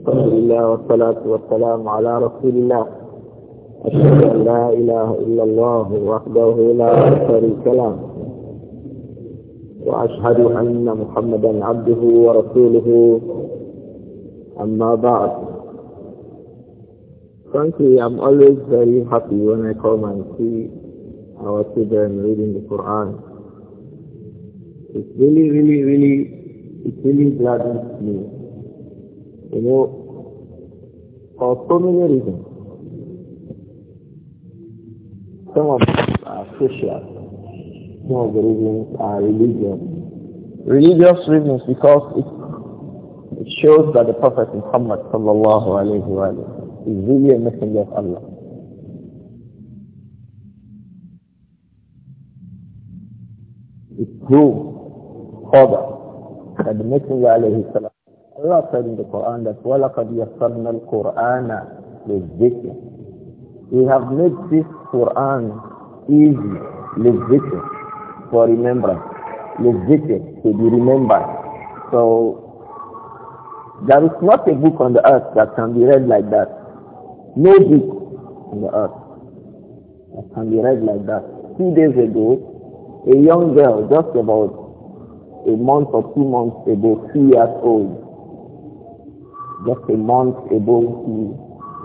الحمد لله والصلاة والسلام على رسول الله أشهد أن لا إله إلا الله وحده لا شريك له وأشهد أن محمدا عبده ورسوله أما بعد Frankly, I'm always very happy when I come and see our children reading the Quran. It's really, really, really, it really gladdens me you know, for so many reasons. Some of them are social. Some of the reasons are religious. Religious reasons because it, it shows that the Prophet Muhammad sallallahu alayhi wa is really a messenger of Allah. It proves further that the Messenger alayhi Allah said in the Quran that وَلَقَدْ يَسَّرْنَا الْقُرْآنَ لِلذِّكْرِ We have made this Quran easy لِلذِّكْرِ for remembrance لِلذِّكْرِ to be remembered so there is not a book on the earth that can be read like that no book on the earth that can be read like that two days ago a young girl just about a month or two months ago, three years old, just a month ago he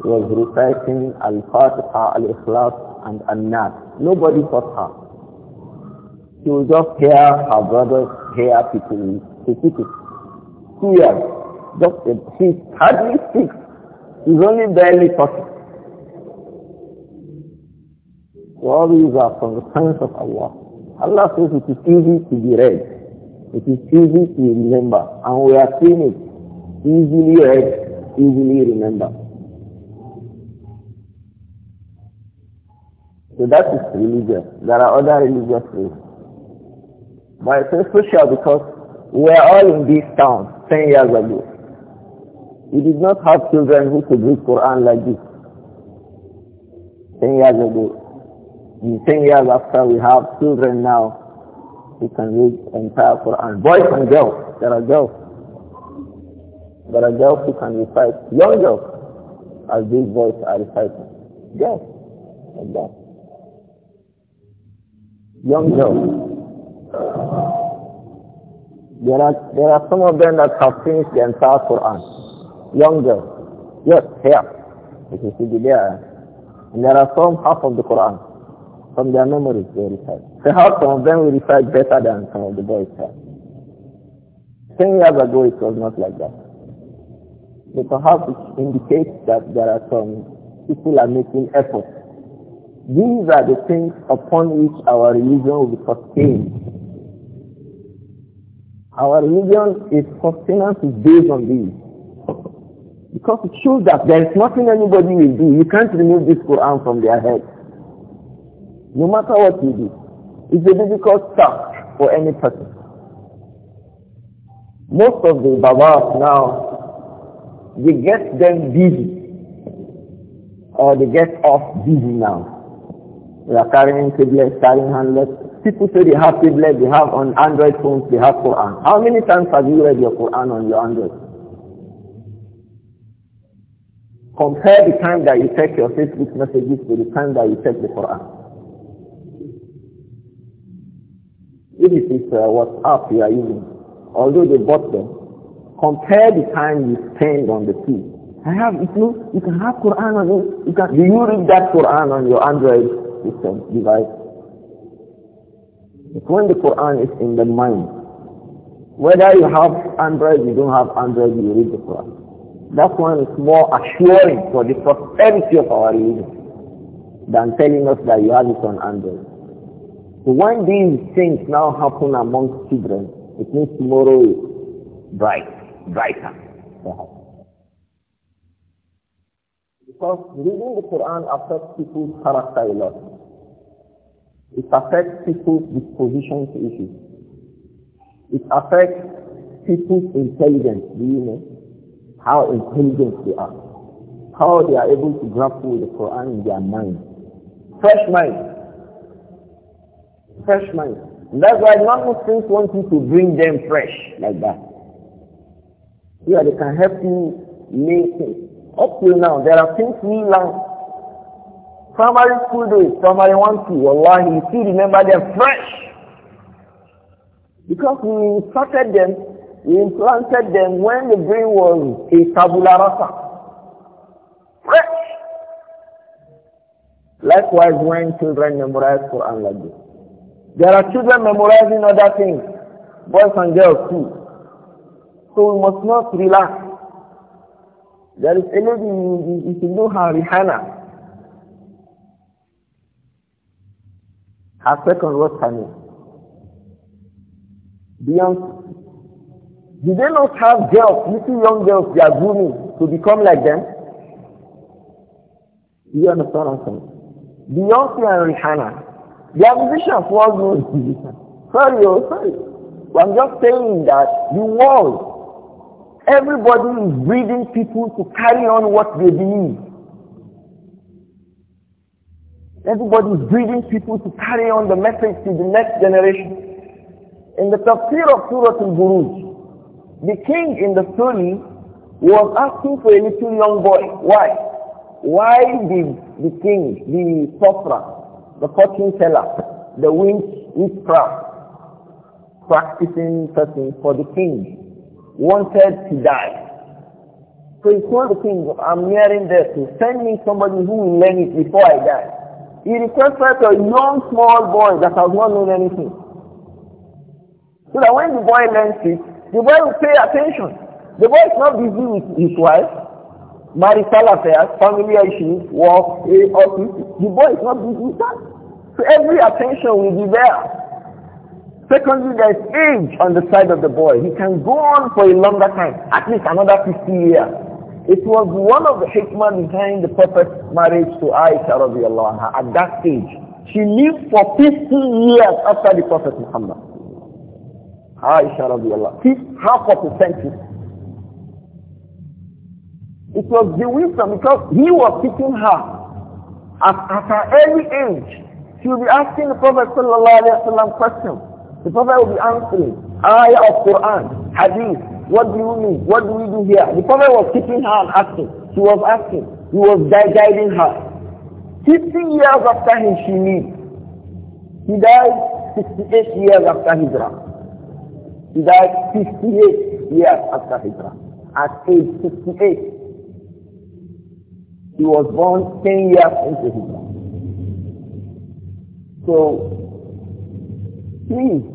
was reciting Al-Fatiha, Al-Ikhlas and An-Nas. Nobody taught her. She will just hear her brothers, hear people repeat it. Two years. Just a, she's hardly speaks. She's only barely talking. So all these are from the signs of Allah. Allah says it is easy to be read. It is easy to remember. And we are seeing it. Easily read, easily remember. So that is religious. There are other religious things. But it's special because we are all in this town 10 years ago. We did not have children who could read Quran like this. 10 years ago. In 10 years after we have children now who can read entire Quran. Boys and girls. There are girls. But a girl who can recite, young girls, as these boys are reciting. Girls, like that. Young girls. There are, there are some of them that have finished the entire Quran. Young girls. Yes, here. you see the there. And there are some half of the Quran. From their memories they recite. Perhaps so some of them will recite better than some of the boys Ten years ago it was not like that. So perhaps it indicates that there are some people are making efforts. These are the things upon which our religion will be sustained. Our religion, its sustenance is based on these. Because it shows that there is nothing anybody will do. You can't remove this Quran from their head. No matter what you do. It's a difficult task for any person. Most of the Babas now they get them busy or they get off busy now. They are carrying tablets, carrying handsets. People say they have tablets, they have on Android phones, they have Quran. How many times have you read your Quran on your Android? Compare the time that you check your Facebook messages to the time that you check the Quran. If it is uh, WhatsApp you are using, although they bought them, Compare the time you spend on the two. I have if you can have Quran on it. You can do you read that Quran on your Android system device? It's when the Quran is in the mind. Whether you have Android, you don't have Android, you read the Quran. That one is more assuring for the prosperity of our religion than telling us that you have it on Android. So when these things now happen amongst children, it means tomorrow is bright brighter, Because reading the Quran affects people's character a lot. It affects people's disposition to issues. It affects people's intelligence, do you know? How intelligent they are. How they are able to grapple with the Quran in their mind. Fresh mind. Fresh mind. And that's why non-Muslims want you to bring them fresh like that. Yeah, they can help you make things. Up till now, there are things we learn. Primary school days, primary one, two, wallahi, you still remember them fresh. Because we inserted them, we implanted them when the brain was a tabula rasa. Fresh. Likewise, when children memorize Quran like this. There are children memorizing other things, boys and girls too. So we must not relax. There is a lady, you know her, Rihanna. Her second, what's her name? Beyonce. Did they not have girls, little young girls they are grooming to become like them? Do you understand what I'm saying? Beyonce and Rihanna, they are musicians, world knows musicians. Sorry, oh, sorry. I'm just saying that the world Everybody is breeding people to carry on what they believe. Everybody is breeding people to carry on the message to the next generation. In the tafsir of Surah Al-Buruj, the king in the story was asking for a little young boy. Why? Why did the king, the sorcerer, the fortune teller, the witch, witchcraft, practicing person for the king wanted to die. So it's one of the things I'm hearing there to send me somebody who will learn it before I die. He requested a young small boy that has not known anything. So that when the boy learns it, the boy will pay attention. The boy is not busy with his wife, marital affairs, family issues, work, eh, office. The boy is not busy with that. So every attention will be there. Secondly, there is age on the side of the boy. He can go on for a longer time, at least another 50 years. It was one of the hikmah behind the Prophet's marriage to Aisha radiallahu anha at that age. She lived for 50 years after the Prophet Muhammad. Aisha radiallahu anha. Half of a century. It was the wisdom because he was teaching her at, at her early age. She will be asking the Prophet sallallahu alayhi wa sallam questions. The Prophet will be answering, ayah of Quran, hadith, what do you mean? What do we do here? The Prophet was keeping her and asking. He was asking. He was guiding her. 50 years after him, she lived. He died 68 years after Hijrah. He died fifty eight years after Hijrah. At age 68. He was born 10 years into Hijrah. So, please,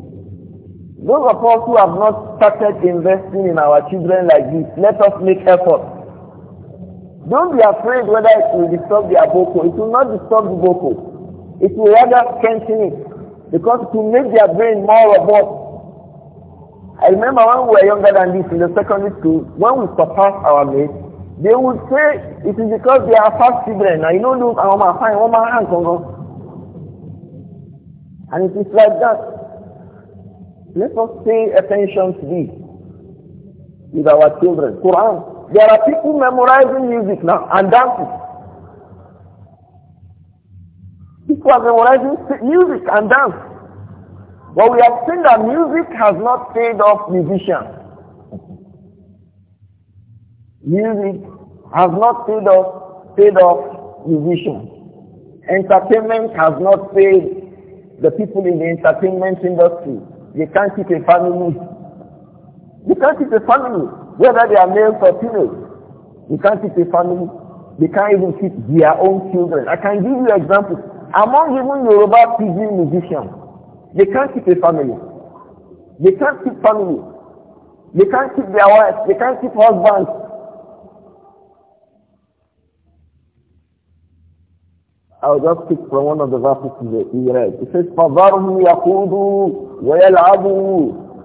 those of us who have not started investing in our children like this, let us make effort. Don't be afraid whether it will disturb their boko. It will not disturb the boko. It will rather strengthen it because it will make their brain more robust. I remember when we were younger than this in the secondary school, when we surpassed our mates, they would say it is because they are fast children. Now you know, look, I'm fine, I'm fine, And it is like that. Let us pay attention to this with our children. Quran. There are people memorizing music now and dancing. People are memorizing music and dance. But we have seen that music has not paid off musicians. Music has not paid off, paid off musicians. Entertainment has not paid the people in the entertainment industry. They can't keep a family. They can't keep a family, whether they are males or females. They can't keep a family. They can't even keep their own children. I can give you examples. Among even Yoruba Pidgin musicians, they can't keep a family. They can't keep family. They can't keep their wives. They can't keep husbands. I'll just pick from one of the verses in the read. It says, فَذَرْهُ يَقُودُوا وَيَلْعَبُوا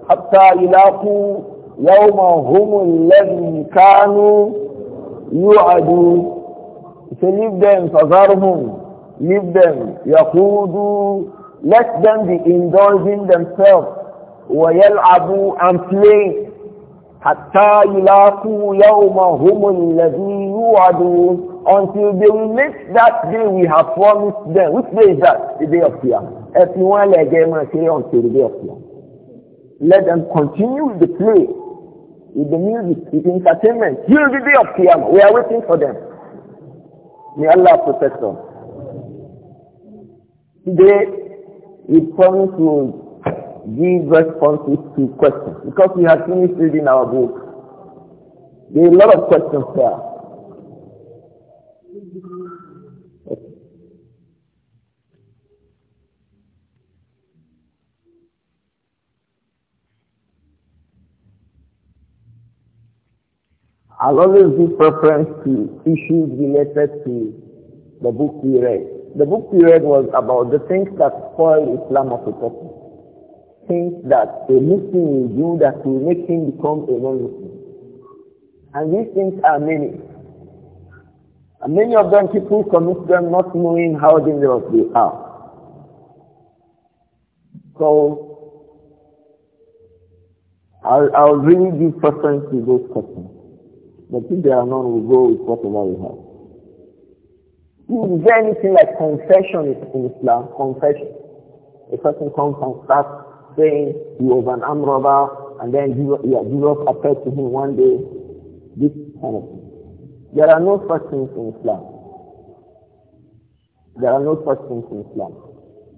حَتَّى يُلَاقُوا يَوْمَهُمُ الَّذِي كَانُوا يُعَدُونَ It says, leave them, فَذَرْهُمْ Leave them, يَقُودُوا Let them be indulging themselves. وَيَلْعَبُوا and play. حَتَّى يُلَاقُوا يَوْمَهُمُ الَّذِي يُعَدُونَ until they will make that day we have promised them. Which day is that? The day of Qiyamah. Everyone like them say until the day of Qiyamah. Let them continue with the play, with the music, with entertainment till the day of Qiyamah. We are waiting for them. May Allah protect them. Today, we promise we will give responses to questions because we have finished reading our book. There are a lot of questions there. I'll always give preference to issues related to the book we read. The book we read was about the things that spoil Islam of a person. Things that a Muslim will do that will make him become a non-Muslim. And these things are many. And many of them people commit them not knowing how dangerous they are. So, I'll, I'll really give preference to those questions. But if there are none, we go with whatever we have. Is there anything like confession in Islam? Confession. A person comes and starts saying he was an armed robber and then a yeah, Jesus appeared to him one day. This kind of thing. There are no such things in Islam. There are no such things in Islam.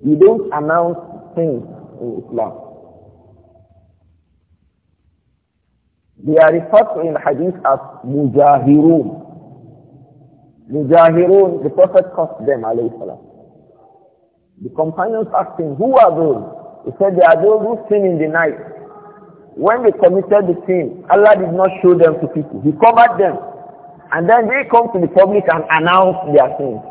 You don't announce things in Islam. They are referred to in hadith as mujahirun. Mujahirun, the Prophet called them, alayhi salam. The companions asked him, who are those? He said, they are those who sin in the night. When they committed the sin, Allah did not show them to people. He covered them. And then they come to the public and announce their sins.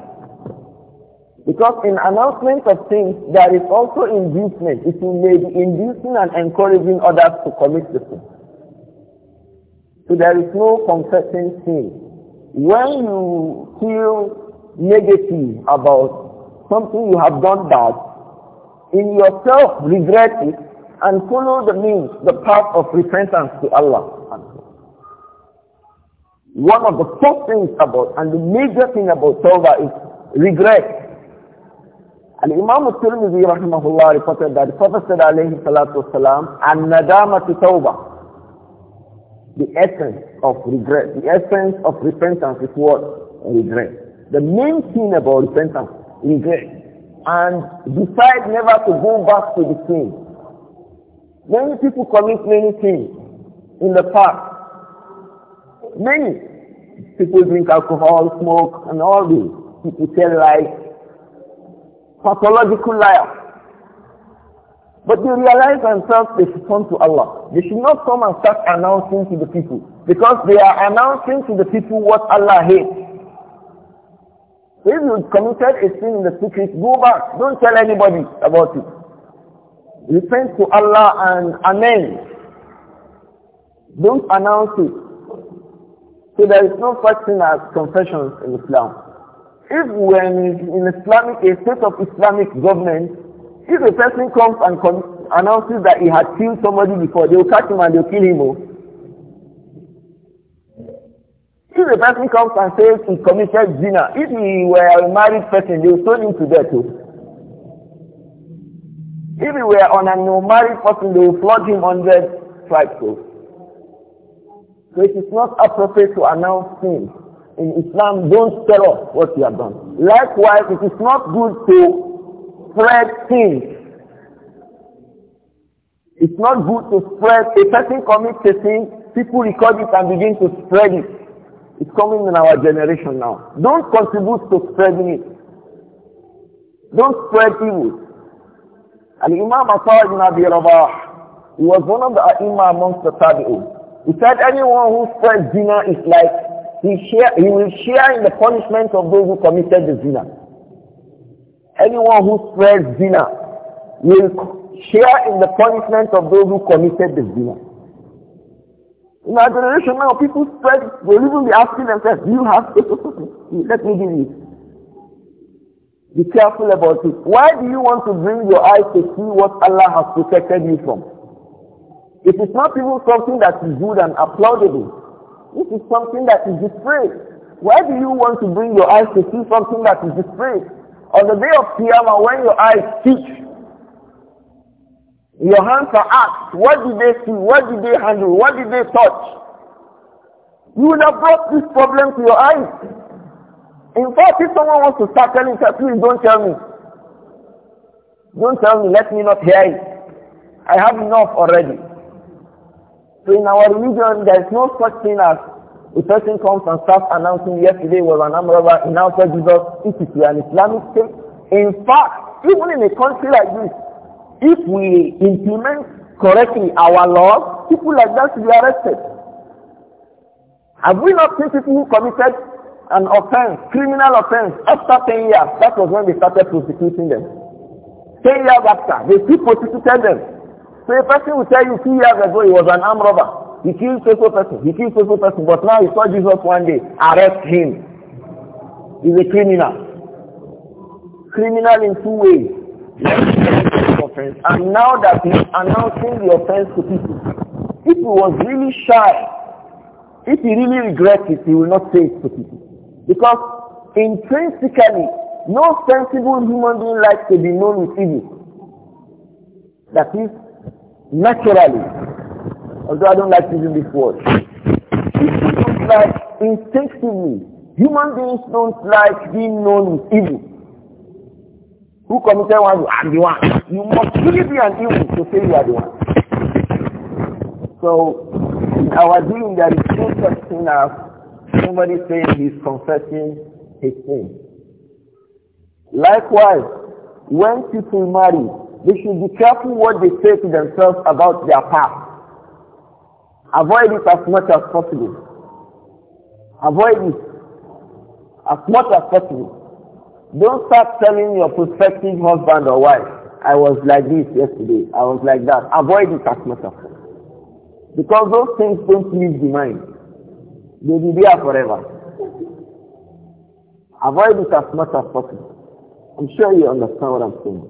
Because in announcement of things, there is also inducement. It may be inducing and encouraging others to commit the sin. So there is no confessing sin. When you feel negative about something you have done bad, in yourself regret it and follow the means, the path of repentance to Allah. One of the first things about and the major thing about Tawbah is regret. And Imam al-Tirmidhi rahimahullah reported that the Prophet said alayhi salatu wasalam, an-nadama Tawbah. The essence of regret, the essence of repentance is what? Regret. The main thing about repentance, regret. And decide never to go back to the sin. Many people commit many sins in the past. Many people drink alcohol, smoke, and all these. People tell lies. Pathological liars. But they realize themselves they should come to Allah. They should not come and start announcing to the people. Because they are announcing to the people what Allah hates. if you committed a sin in the secret, go back. Don't tell anybody about it. Repent to Allah and amend. Don't announce it. So there is no such thing as confessions in Islam. If we are in Islamic, a state of Islamic government, if a person comes and com announces that he had killed somebody before, they will catch him and they will kill him. Oh. If a person comes and says he committed zina, if he were a married person, they will stone him to death. Too. Oh. If he were on a unmarried person, they will flog him hundred stripes. Too. Oh. So it is not appropriate to announce things. In Islam, don't tell us what you have done. Likewise, it is not good to spread things. It's not good to spread. A person commits a sin, people record it and begin to spread it. It's coming in our generation now. Don't contribute to spreading it. Don't spread evil. And Imam Asad ibn Abi Rabah, he was one of the Imam amongst the Tabi'un. He said anyone who spreads zina is like he, share, he will share in the punishment of those who committed the zina. Anyone who spreads zina will share in the punishment of those who committed the zina. In our generation now, people spread, will even be asking themselves, do you have Let me give you. Be careful about it. Why do you want to bring your eyes to see what Allah has protected you from? It is not even something that is good and applaudable. This is something that is disgrace. Why do you want to bring your eyes to see something that is disgrace?" On the day of Qiyamah, when your eyes teach, your hands are asked, what did they see? What did they handle? What did they touch? You would have brought this problem to your eyes. In fact, if someone wants to start telling you, please don't tell me. Don't tell me, let me not hear it. I have enough already. So in our religion, there is no such thing as a person comes and starts announcing yesterday was an armed robber, he now tells Jesus it is an Islamic state. In fact, even in a country like this, if we implement correctly our laws, people like that should be arrested. Have we not seen people who committed an offense, criminal offense, after 10 years? That was when they started prosecuting them. 10 years after, they still prosecuted them. So a person will tell you two years ago he was an armed robber. He killed so person. He killed so person. But now he saw Jesus one day. Arrest him. He's a criminal. Criminal in two ways. And now that he's announcing the offense to people, if he was really shy, if he really regrets it, he will not say it to people. Because intrinsically, no sensible human being likes to be known with evil. That is, naturally, Although I don't like using this word. People like instinctively. Human beings don't like being known as evil. Who committed one? I'm the one. You must really be an evil to say you are the one. So, in our doing there is no such thing as somebody saying he's confessing his sin. Likewise, when people marry, they should be careful what they say to themselves about their past. Avoid it as much as possible. Avoid it as much as possible. Don't start telling your prospective husband or wife, I was like this yesterday, I was like that. Avoid it as much as possible. Because those things don't leave the mind. They will be there forever. Avoid it as much as possible. I'm sure you understand what I'm saying.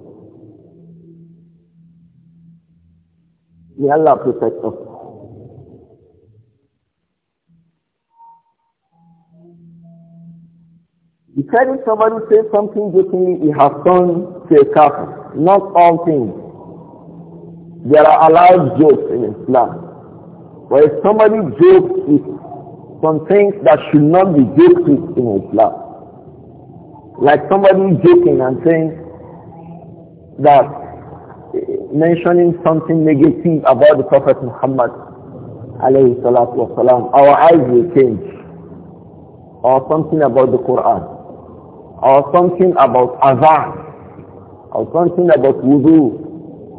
May Allah protect us. He said if somebody says something jokingly, he has done to a kafir. Not all things. There are allowed jokes in Islam. But if somebody jokes with some things that should not be joked with in Islam, like somebody joking and saying that eh, mentioning something negative about the Prophet Muhammad alayhi salatu wasalam, our eyes will change or something about the Quran. or something about azan, or something about wudu,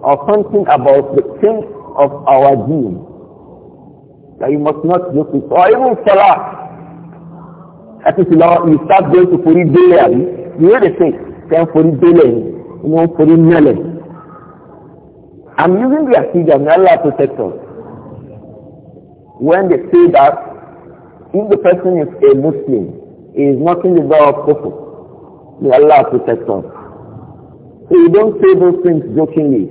or something about the things of our deen. That you must not look it. Or even salah. That is law, you start going to Furi Dele, you know the thing, then Furi Dele, you know Furi Mele. I'm using the Asija, may Allah protect us. When they say that, if the person is a Muslim, he is not in the door of kufr. May Allah protect us. So you don't say those things jokingly.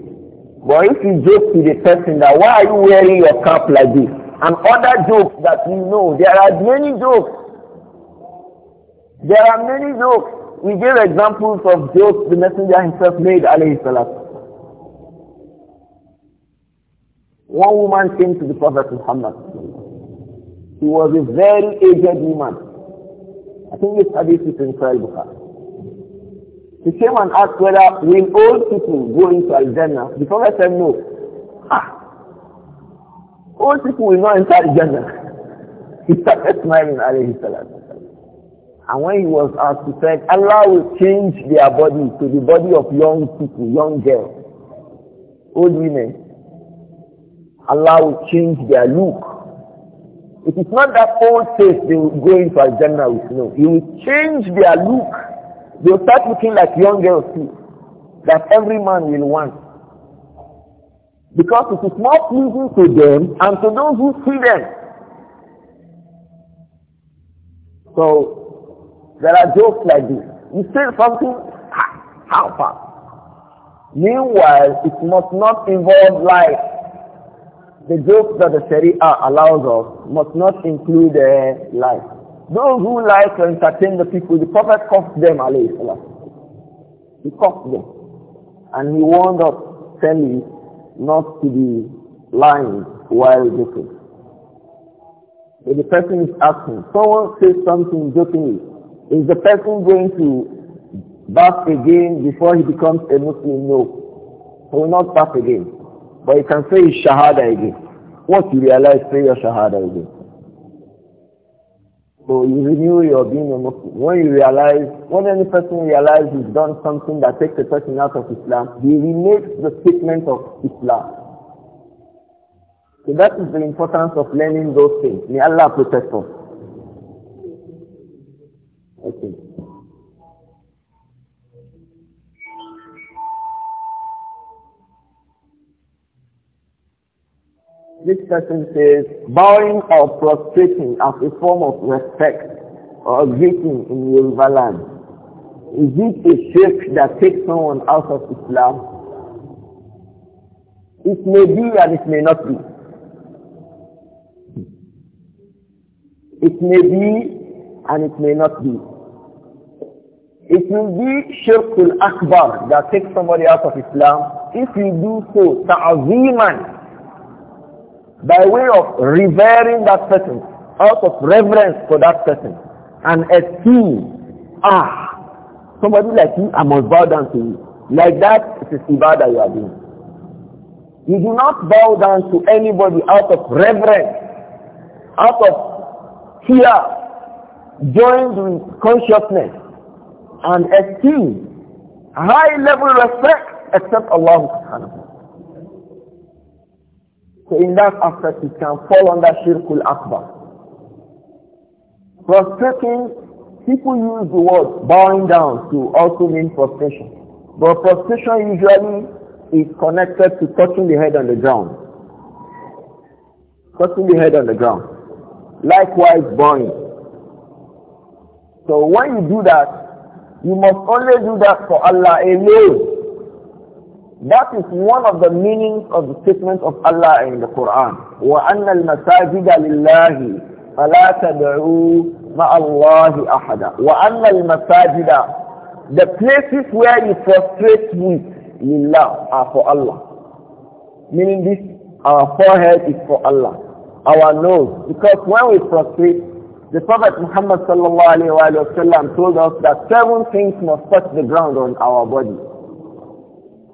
But if you joke to the person that why are you wearing your cap like this? And other jokes that we know, there are many jokes. There are many jokes. We gave examples of jokes the messenger himself made, alayhi salatu. One woman came to the Prophet Muhammad. She was a very aged woman. I think this hadith is in Sahih Bukhari. He came and asked whether will old people go into Al-Jannah. The Prophet said no. Ah, old people will not enter Al-Jannah. He started smiling alayhi said, And when he was asked, he said, Allah will change their body to the body of young people, young girls, old women. Allah will change their look. It is not that old face they will go into Al-Jannah with, no. He will change their look They'll start looking like young girls too, that every man will want. Because it is not pleasing to them and to those who see them. So, there are jokes like this. You say something, ha, how far? Meanwhile, it must not involve life. The jokes that the Sharia allows us must not include uh, life. Those who like to entertain the people, the Prophet cursed them, alayhi salam. He cursed them. And he warned us, telling not to be lying while joking. If the person is asking, someone says something jokingly, is the person going to bath again before he becomes a Muslim? No. He will not bath again. But he can say his Shahada again. What you realize, say your Shahada again. So you renew your being a Muslim. When you realize, when any person realizes he's done something that takes a person out of Islam, he remakes the statement of Islam. So that is the importance of learning those things. May Allah protect us. Okay. this person says, bowing or prostrating as a form of respect or greeting in Yoruba land. Is it a shirk that takes someone out of Islam? It may be and it may not be. It may be and it may not be. It will be shirkul akbar that takes somebody out of Islam if you do so ta'aziman by way of revering that person, out of reverence for that person, and esteem. Ah, somebody like you, I must bow down to you. Like that, it is ibadah you are doing. You do not bow down to anybody out of reverence, out of fear, joined with consciousness and esteem, high level respect, except Allah subhanahu so in that aspect, it can fall under Shirkul Akbar. Prostrating, people use the word bowing down to also mean prostration. But prostration usually is connected to touching the head on the ground. Touching the head on the ground. Likewise, bowing. So when you do that, you must only do that for Allah alone. That is one of the meanings of the statement of Allah in the Quran. وَأَنَّ الْمَسَاجِدَ لِلَّهِ فَلَا تَدْعُوا مَعَ اللَّهِ أَحَدًا وَأَنَّ الْمَسَاجِدَ The places where you prostrate with lillah are for Allah. Meaning this, our forehead is for Allah. Our nose, because when we prostrate, the Prophet Muhammad sallallahu alayhi wa sallam told us that seven things must touch the ground on our body.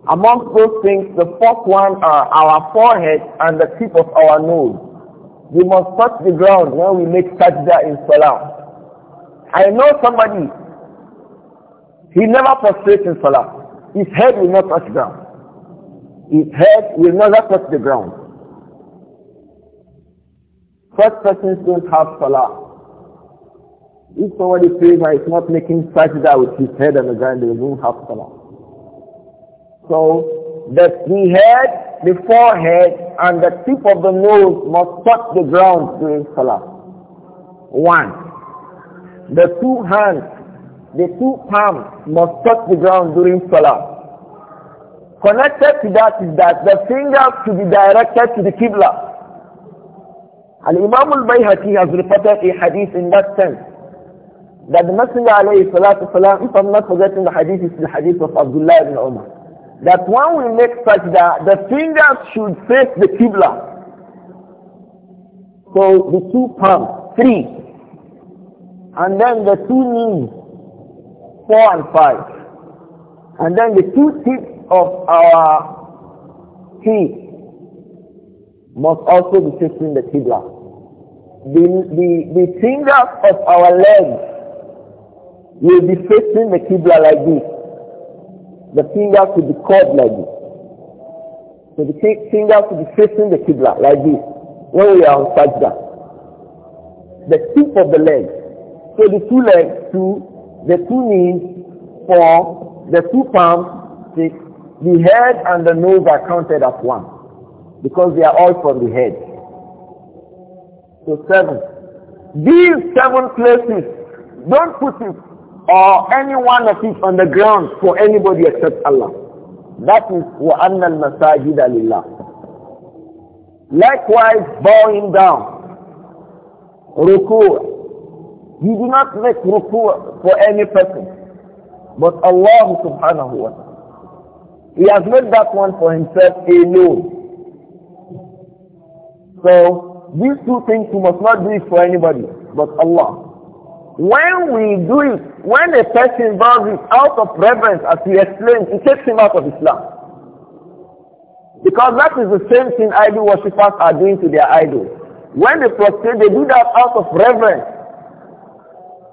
Amongst those things, the fourth one are our forehead and the tip of our nose. We must touch the ground when we make sajda in salah. I know somebody, he never prostrates in salah. His head will not touch ground. His head will never touch the ground. Such persons don't have salah. If somebody prays and is not making sajda with his head on the ground, they won't have salah. So that the head, the forehead, and the tip of the nose must touch the ground during salah. One. The two hands, the two palms must touch the ground during salah. Connected to that is that the fingers should be directed to the Qibla. Al-Imam al-Bayhaqi has reported a hadith in that sense. That the Messenger alayhi salatu salam, if I'm not forgetting the hadith, is the hadith of Abdullah ibn Umar that when we make sajda, the fingers should face the Qibla. So the two palms, three. And then the two knees, four and five. And then the two tips of our feet must also be facing the Qibla. The, the, the fingers of our legs will be facing the Qibla like this the finger to be curved like this. So the finger to be facing the kidla like this when we are on sajda. The tip of the leg. So the two legs, two, the two knees, four, the two palms, six. The head and the nose are counted as one because they are all from the head. So seven. These seven places, don't put it or any one of it on the ground for anybody except Allah. That is وَأَنَّ الْمَسَاجِدَ لِلَّهِ Likewise, bowing down, ruku'. You do not make ruku' for any person, but Allah subhanahu wa ta'ala. He has made that one for himself alone. So, these two things you must not do it for anybody, but Allah. When we do it, when a person does it out of reverence, as we explained, it takes him out of Islam. Because that is the same thing idol worshippers are doing to their idols. When they prostrate, they do that out of reverence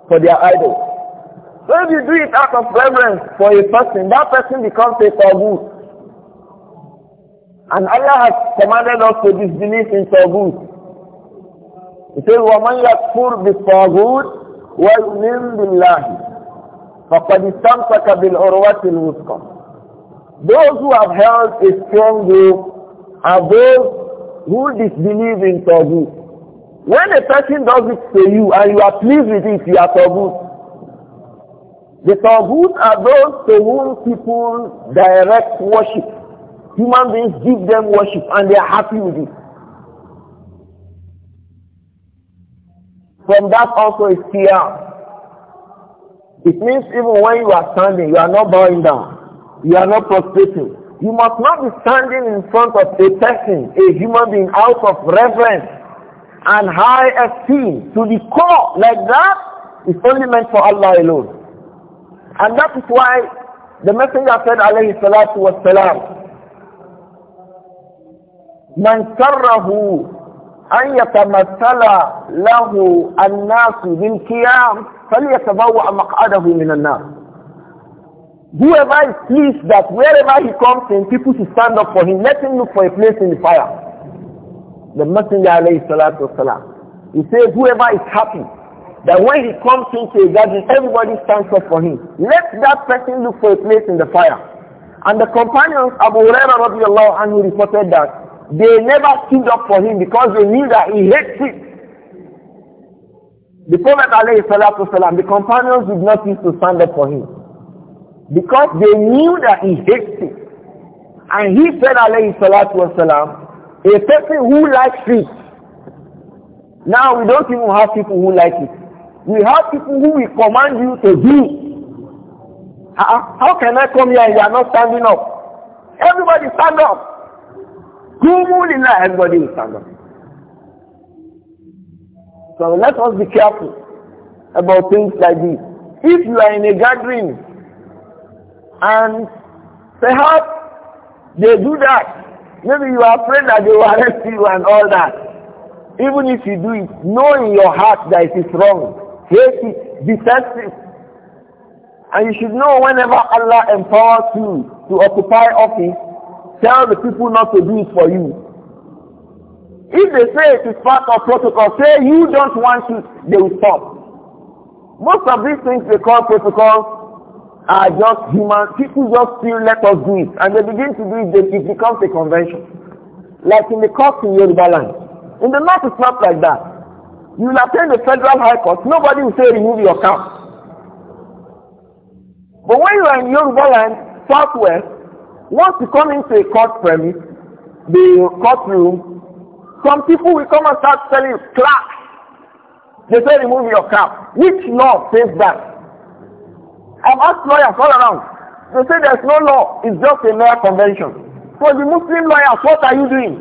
for their idols. So if you do it out of reverence for a person, that person becomes a taboo. And Allah has commanded us to disbelieve in taboo. He says, وَمَنْ يَكْفُرْ بِالطَّاغُوتِ وَيُؤْمِنْ بِاللَّهِ فَقَدْ اسْتَمْسَكَ بِالْعُرْوَةِ الْوُثْقَى Those who have held a strong view are those who disbelieve in Tagut. When a person does it to you and you are pleased with it, you are Tagut. The Tagut are those to whom people direct worship. Human beings give them worship and they are happy with it. From that also is qiyam. It means even when you are standing, you are not bowing down. You are not prostrating. You must not be standing in front of a person, a human being, out of reverence and high esteem to the core like that is only meant for Allah alone. And that is why the Messenger said, alayhi salatu was salam, Man سره أن يتمثل له الناس بالقيام فليتبوأ مقعده من النار Whoever is pleased that wherever he comes in, people should stand up for him. Let him look for a place in the fire. The Messenger alayhi salatu wasalam. He says, whoever is happy, that when he comes into a garden, everybody stands up for him. Let that person look for a place in the fire. And the companions, Abu Hurairah radiallahu anhu reported that they never stood up for him because they knew that he hates it. The Prophet والسلام, the companions did not used to stand up for him because they knew that he hates it. And he said alayhi salatu salam, a person who likes it. Now we don't even have people who like it. We have people who will command you to do. Ah, ah, how can I come here and you are not standing up? Everybody stand up. Kumu lillah, everybody will stand up. So let us be careful about things like this. If you are in a gathering and perhaps they do that, maybe you are afraid that they will arrest you and all that. Even if you do it, know in your heart that it is wrong. Hate it, detest And you should know whenever Allah empowers you to occupy office, Tell the people not to do it for you. If they say it is part of protocol, say you don't want to, they will stop. Most of these things they call protocol are just human. People just feel let us do it. And they begin to do it, it becomes a convention. Like in the court in Yoruba land. In the north it's not like that. You will attend the federal high court, nobody will say remove your cap. But when you are in Yoruba land, southwest, once you come into a court premise, the courtroom, some people will come and start telling you, They say remove your cap. Which law says that? I've asked lawyers all around. They say there's no law. It's just a lawyer convention. For the Muslim lawyers, what are you doing?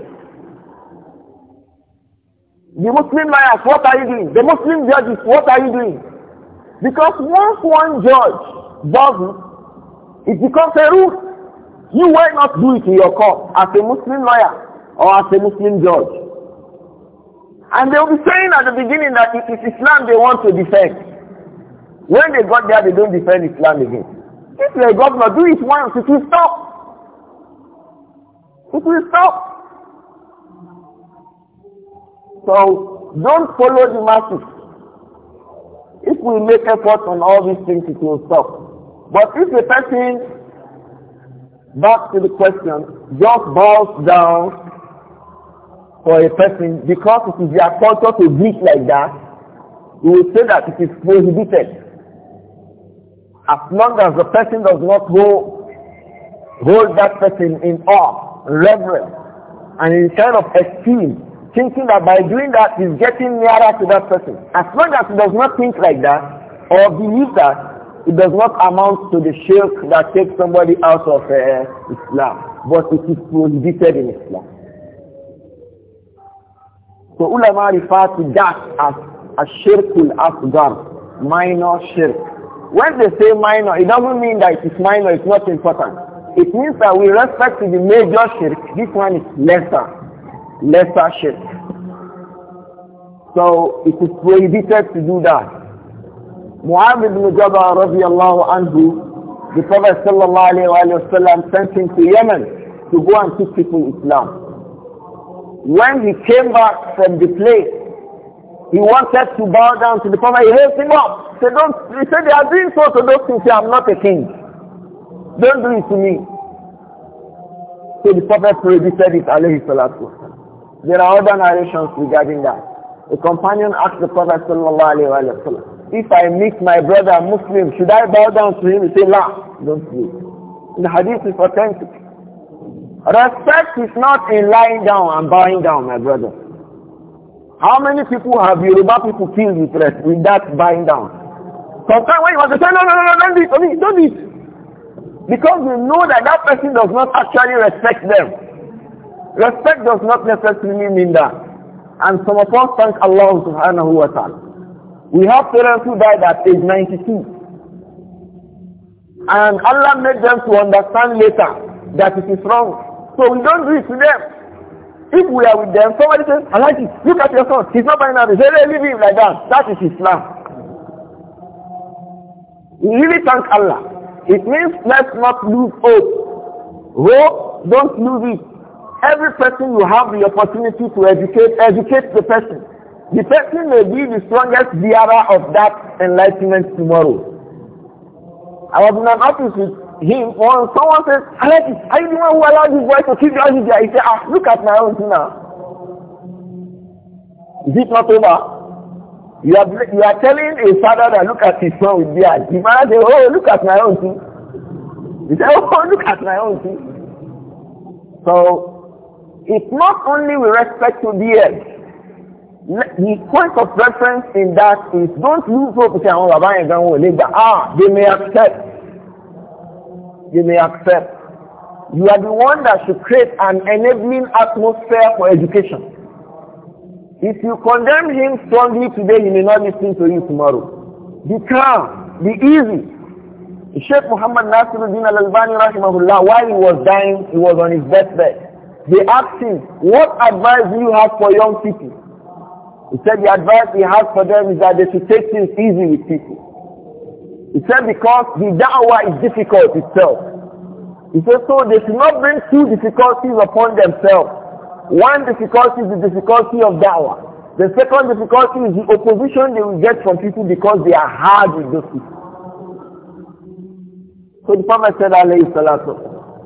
The Muslim lawyers, what are you doing? The Muslim judges, what are you doing? Because once one judge does it, it becomes a rule. You why not do it in your court as a Muslim lawyer or as a Muslim judge? And they'll be saying at the beginning that it is Islam they want to defend. When they got there, they don't defend Islam again. If the are governor, do it once. It will stop. It will stop. So don't follow the masses. If we make effort on all these things, it will stop. But if the person back to the question, just bows down for a person because it is their culture to greet like that, we will say that it is prohibited. As long as the person does not hold, hold that person in awe, reverence, and in kind of esteem, thinking that by doing that he's getting nearer to that person. As long as he does not think like that, or believe that, it does not amount to the shirk that takes somebody out of uh, Islam, but it is prohibited in Islam. So ulama refer to that as a shirkul asgar, minor shirk. When they say minor, it doesn't mean that it is minor, it's not important. It means that with respect to the major shirk, this one is lesser, lesser shirk. So it is prohibited to do that. Muhammad ibn Jabal radiallahu anhu, the Prophet sallallahu alayhi wa sallam sent him to Yemen to go and teach people Islam. When he came back from the place, he wanted to bow down to the Prophet. He held him up. He said, don't, he said, they are doing so to those things. I'm not a king. Don't do it to me. So the Prophet said it, alayhi salatu There are other narrations regarding that. A companion asked the Prophet sallallahu alayhi wa sallam, if I meet my brother Muslim, should I bow down to him and say, La, don't do it. The hadith is authentic. Respect is not in lying down and bowing down, my brother. How many people have Yoruba people killed with, rest, with that bowing down? Sometimes when you want to say, no, no, no, no, don't do it, don't do it. Because you know that that person does not actually respect them. Respect does not necessarily mean that. And some of us thank Allah subhanahu wa ta'ala. We have parents who died at age 92. And Allah made them to understand later that it is wrong. So we don't do it to them. If we are with them, somebody says, I like it. Look at your son. He's not buying now. They leave him like that. That is Islam. We really thank Allah. It means let's not lose hope. Hope, don't lose it. Every person you have the opportunity to educate, educate the person. The person may be the strongest bearer of that enlightenment tomorrow. I was in an office with him once. Someone said, Alexis, are you the one who allowed this boy to keep the hijab? He said, ah, look at my own now. Is it not over? You are, you are telling a father that look at his son with beard. The man said, oh, look at my own thing." He said, oh, look at my own thing." So, it's not only with respect to beard the point of reference in that is don't lose hope say àwọn bàbá yẹn gan wò lè gbà ah they may accept they may accept you are the one that should create an enabling atmosphere for education if you condemn him strongly today he may not listen to you tomorrow be calm be easy sheikh muhammad nasiruddin al-albani rahimahullah while he was dying he was on his deathbed they asked him what advice do you have for young people he said the advice he has for them is that they should take things easy with people. He said because the da'wah is difficult itself. He said so they should not bring two difficulties upon themselves. One difficulty is the difficulty of da'wah. The second difficulty is the opposition they will get from people because they are hard with those people. So the Prophet said alayhi salatu,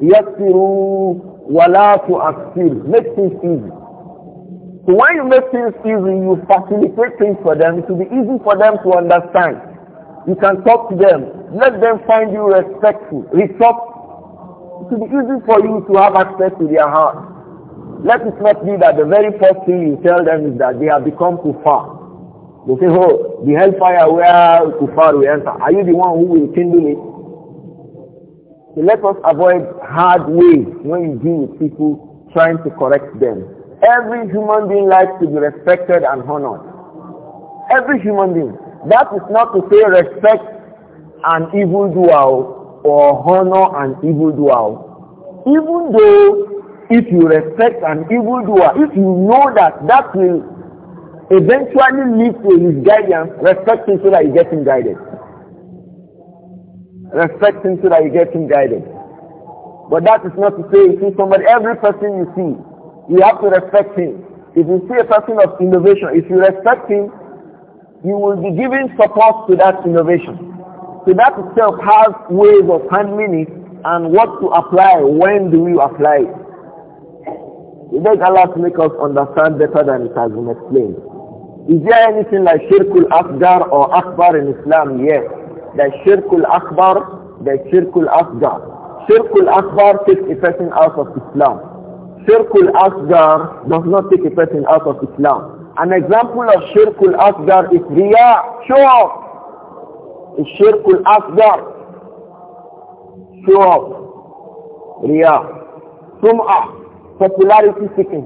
يَسْفِرُوا وَلَا تُعَسْفِرُوا Make things easy. So when you make things easy, you facilitate things for them. It will be easy for them to understand. You can talk to them. Let them find you respectful, resourceful. It will be easy for you to have access to their heart. Let it not be that the very first thing you tell them is that they have become kufar. They say, oh, the hellfire where kufar will enter. Are you the one who will kindle it? So let us avoid hard ways when you deal with people trying to correct them. Every human being likes to be respected and honored. Every human being. That is not to say respect an evildoer or honor an evildoer. Even though if you respect an evildoer, if you know that that will eventually lead to his guidance, respect him so that you gets him guided. Respect him so that you gets him guided. But that is not to say you see somebody, every person you see, you have to respect him. If you see a person of innovation, if you respect him, you will be giving support to that innovation. So that itself has ways of handling it and what to apply, when do you apply it. We beg Allah to make us understand better than it has been explained. Is there anything like Shirkul Akbar or Akbar in Islam? Yes. The Shirkul Akbar, the Shirkul Akbar. Shirkul Akbar takes a person out of Islam. Shirkul Asgar does not take a person out of Islam. An example of Shirkul Asgar is Riya, show off. It's Shirkul Asgar, show off. Riya. Sum'ah, popularity seeking.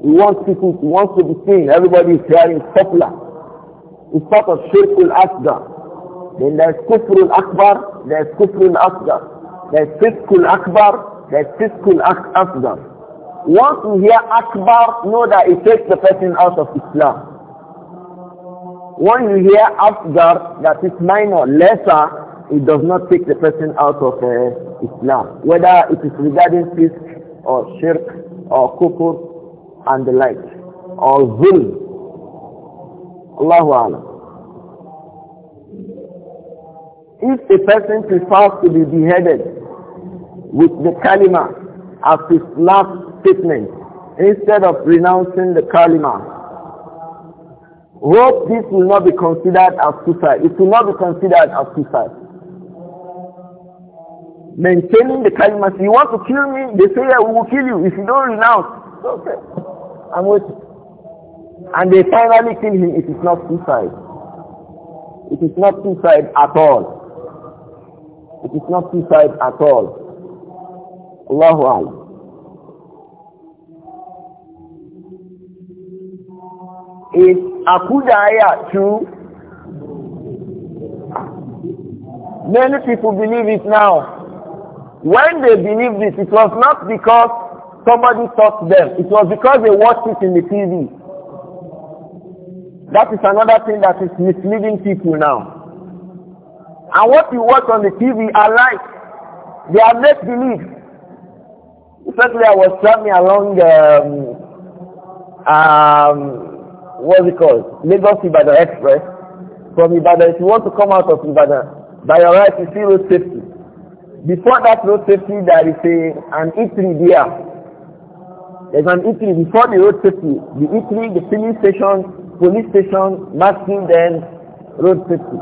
He wants people, he wants to be seen. Everybody is hearing popular. It's part of Shirkul Asgar. Then there's Kufrul Akbar, there's Kufrul Asgar. There's Fiskul Akbar, that ask Asgar. Once you hear Akbar, know that it takes the person out of Islam. When you hear that that is minor, lesser, it does not take the person out of uh, Islam. Whether it is regarding Fisk or Shirk or kufur and the like, or Zulm. Allahu Alam. If a person prefers to be beheaded with the kalima as his last statement instead of renouncing the kalima. Hope this will not be considered as suicide. It will not be considered as suicide. Maintaining the kalima, you want to kill me? They say, yeah, we will kill you if you don't renounce. Okay, I'm waiting. And they finally kill him. It is not suicide. It is not suicide at all. It is not suicide at all. Allahu A'lam. Is Akudaya true? Many people believe it now. When they believe it, it was not because somebody taught them. It was because they watched it in the TV. That is another thing that is misleading people now. And what you watch on the TV are like, they are make believe. Especially I was traveling along, um, um, what's it called? Lagos Ibadan Express. From Ibadan, if you want to come out of Ibadan, by your right you see road safety. Before that road safety, there is a, an 3 there. There's an E3 before the road safety. The E3, the filling station, police station, masking, then road safety.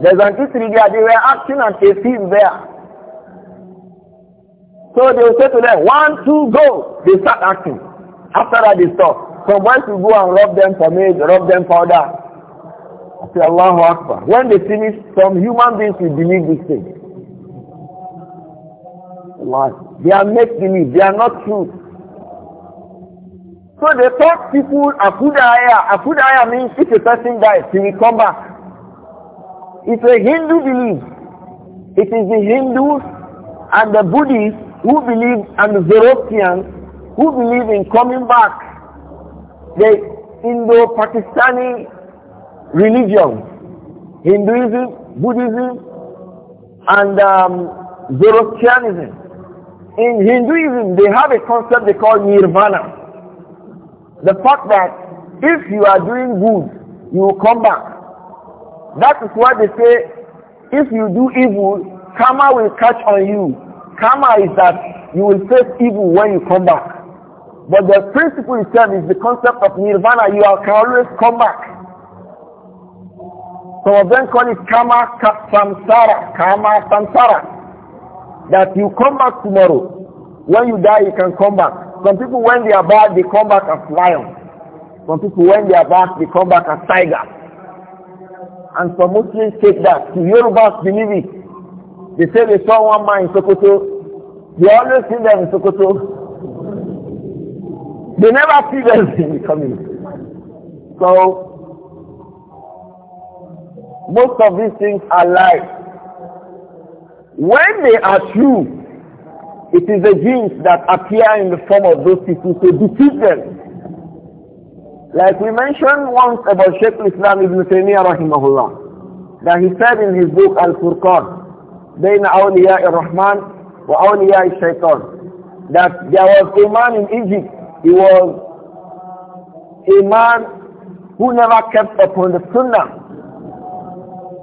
There's an E3 there. They were acting as a field there. So they will say to them, one, two, go. They start acting. After that they stop. From once you go and rub them for pomade, rub them powder. Say Allahu Akbar. When they finish, some human beings will believe this thing. Allah. They are make-believe. They are not true. So they taught people Akudaya. Akudaya means if a person dies, he will come back. It's a Hindu belief. It is the Hindus and the Buddhists who believe, and the Zoroastrians who believe in coming back, the Indo-Pakistani religions, Hinduism, Buddhism, and um, Zoroastrianism. In Hinduism, they have a concept they call nirvana. The fact that if you are doing good, you will come back. That is why they say, if you do evil, karma will catch on you. Karma is that you will face evil when you come back. But the principle itself is the concept of nirvana. You are, can always come back. Some of them call it karma samsara, karma samsara. That you come back tomorrow. When you die, you can come back. Some people, when they are bad, they come back as lions. Some people, when they are bad, they come back as tigers. And some Muslims take that. The Yorubas believe it. They say they saw one man in Sokoto. They always see them in Sokoto. They never see them in the community. So, most of these things are lies. When they are true, it is the jinns that appear in the form of those people to deceive them. Like we mentioned once about Sheikh Islam Ibn Taymiyyah rahimahullah, that he said in his book Al-Furqan, بين أولياء الرحمن وأولياء الشيطان that there was a man in Egypt he was a man who never kept upon the sunnah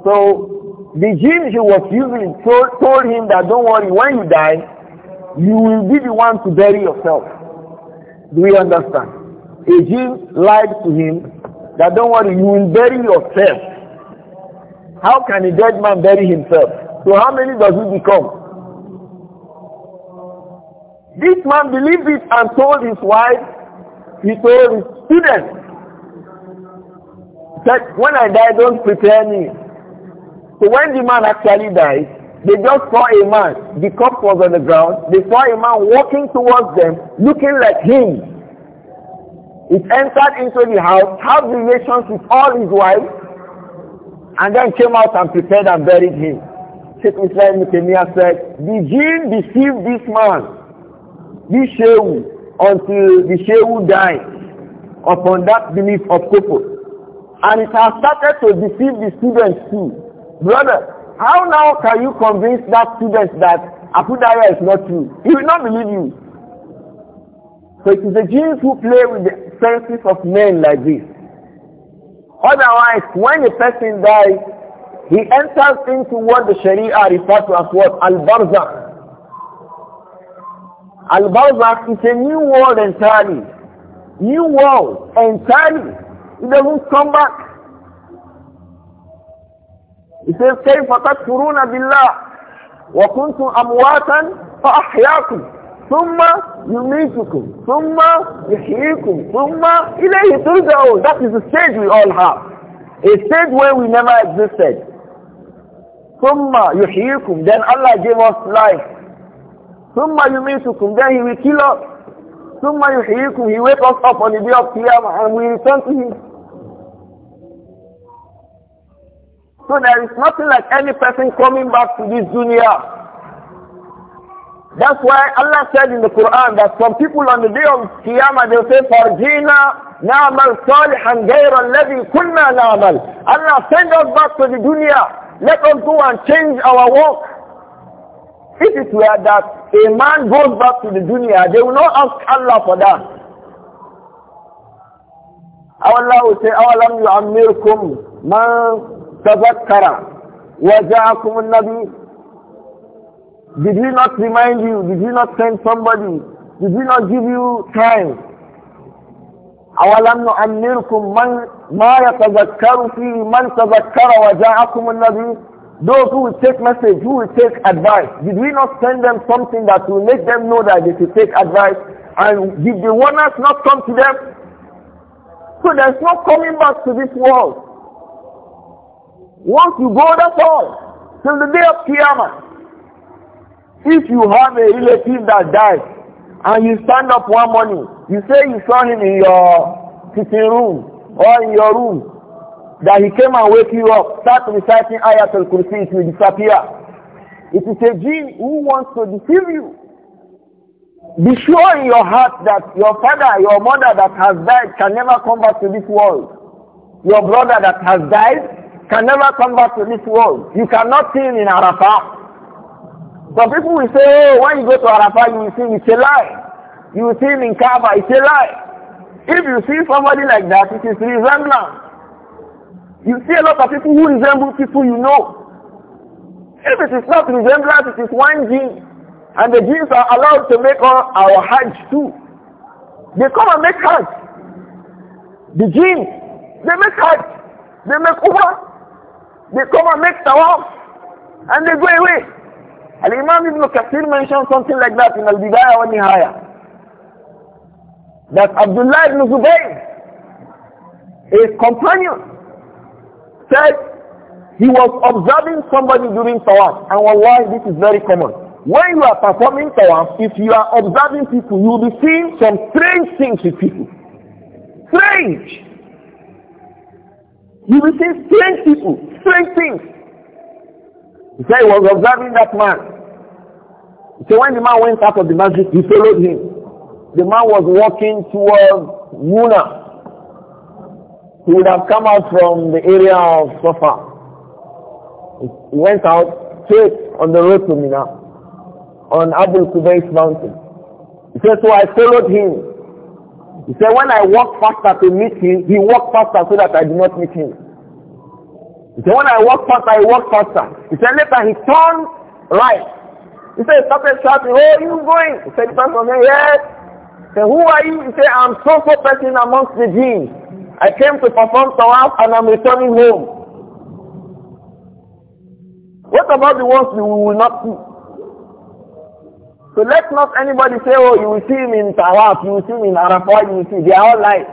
so the jinn he was using told, told him that don't worry when you die you will be the one to bury yourself do we understand a jinn lied to him that don't worry you will bury yourself how can a dead man bury himself so how many does he become? This man believed it and told his wife, he told his students, that when I die, don't prepare me. So when the man actually died, they just saw a man, the corpse was on the ground, they saw a man walking towards them, looking like him. It entered into the house, had relations with all his wives, and then came out and prepared and buried him. Sheikh Islam Mutemia said, the jinn deceived this man, this Shehu, until the Shehu died upon that belief of Kufur. And it has started to deceive the students too. Brother, how now can you convince that student that Apudaya is not true? He will not believe you. So it is the jinns who play with the senses of men like this. Otherwise, when a person dies, he enters into what the Sharia refers to as what? Al-Barzakh. Al-Barzakh is a new world entirely. New world entirely. It doesn't come back. He says, كيف تكفرون بالله وكنتم أمواتا فأحياكم ثم يميتكم ثم يحييكم ثم إليه ترجعون That is the stage we all have. A stage where we never existed. Summa yuhyikum. Then Allah gave us life. Summa yumitukum. Then He will kill us. Summa yuhyikum. He wake us up on the day of Qiyamah and we return to Him. So there is nothing like any person coming back to this dunya. That's why Allah said in the Quran that some people on the day of Qiyamah they'll say, Farjina na'mal salihan gayra alladhi kunna na'mal. Allah send us back to the dunya. Let us go and change our work. It is it that a man goes back to the dunya, they will not ask Allah for that. Allah will say, أَوَلَمْ يُعَمِّرْكُمْ مَنْ تَذَكَّرَ وَجَاءَكُمُ النَّبِيُّ Did he not remind you? Did he not send somebody? Did he not give you time? أَوَلَمْ يُعَمِّرْكُمْ مَنْ ما يتذكر فيه من تذكر وجاءكم النبي those who will take message, who will take advice, did we not send them something that will make them know that they should take advice? And did the warners not come to them? So there's no coming back to this world. Once you go, that's all. Till the day of Qiyamah. If you have a relative that dies, and you stand up one morning, you say you saw him in your sitting room, or in your room that he came and wake you up, start reciting ayat al-kursi, it will disappear. It is a jinn who wants to deceive you. Be sure in your heart that your father, your mother that has died can never come back to this world. Your brother that has died can never come back to this world. You cannot see him in Arafah. Some people will say, oh, when you go to Arafah, you will see him. It's a lie. You will see him in Kaaba. It's a lie. If you see somebody like that, it is resemblance. You see a lot of people who resemble people you know. If it is not resemblance, it is one gene. And the genes are allowed to make our, our Hajj too. They come and make Hajj. The genes, they make Hajj. They make Umrah. They come and make Tawaf. And they go away. Al-Imam Ibn Kathir mentioned something like that in Al-Bidayah wa Nihayah that Abdullah ibn Zubayr, his companion, said he was observing somebody during Tawaf. And wallahi, this is very common. When you are performing Tawaf, if you are observing people, you will be seeing some strange things with people. Strange! You will see strange people, strange things. He said he was observing that man. So when the man went out of the masjid, he followed him the man was walking towards Muna. He would have come out from the area of Safa. He went out straight on the road to Mina, on Abu Kubay's mountain. He said, so I followed him. He said, when I walked faster to meet him, he walked faster so that I did not meet him. He said, when I walked faster, I walked faster. He said, later he turned right. He said, he started shouting, where oh, are you going? He said, the person said, yes. So who are you? He say, I'm so-so person amongst the jinn. I came to perform tawaf and I'm returning home. What about the ones you will not see? So let not anybody say, oh, you will see him in Tawaf, you will see him in Arafah, you will see. They are all lies.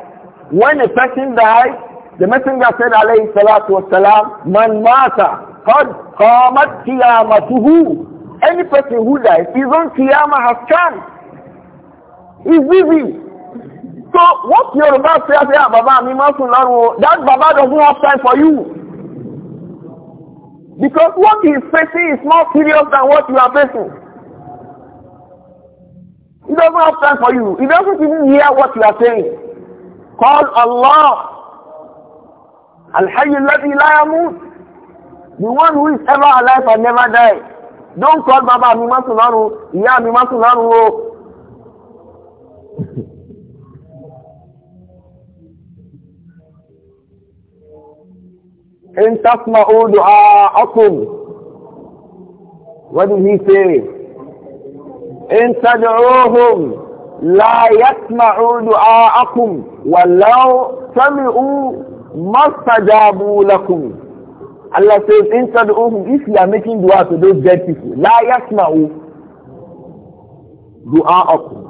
When a person dies, the messenger said, alayhi salatu wasalam, man mata, qad qamat qiyamatuhu. Any person who dies, his own qiyamah has come. Is easy. So what your Yoruba say, say, ah, Baba, mi must not that Baba doesn't have time for you. Because what he is facing is more serious than what you are facing. He doesn't have time for you. He doesn't even hear what you are saying. Call Allah. Al-Hayy alladhi la yamut. The one who is ever alive and never die. Don't call Baba Mimasunanu, Yeah, Mimasunanu, In tasma'u du'a'akum. What did he say? In tad'uhum la yasma'u du'a'akum walau sami'u mastajabu lakum. Allah says, in tad'uhum, if you are making dua to those dead people, la yasma'u du'a'akum.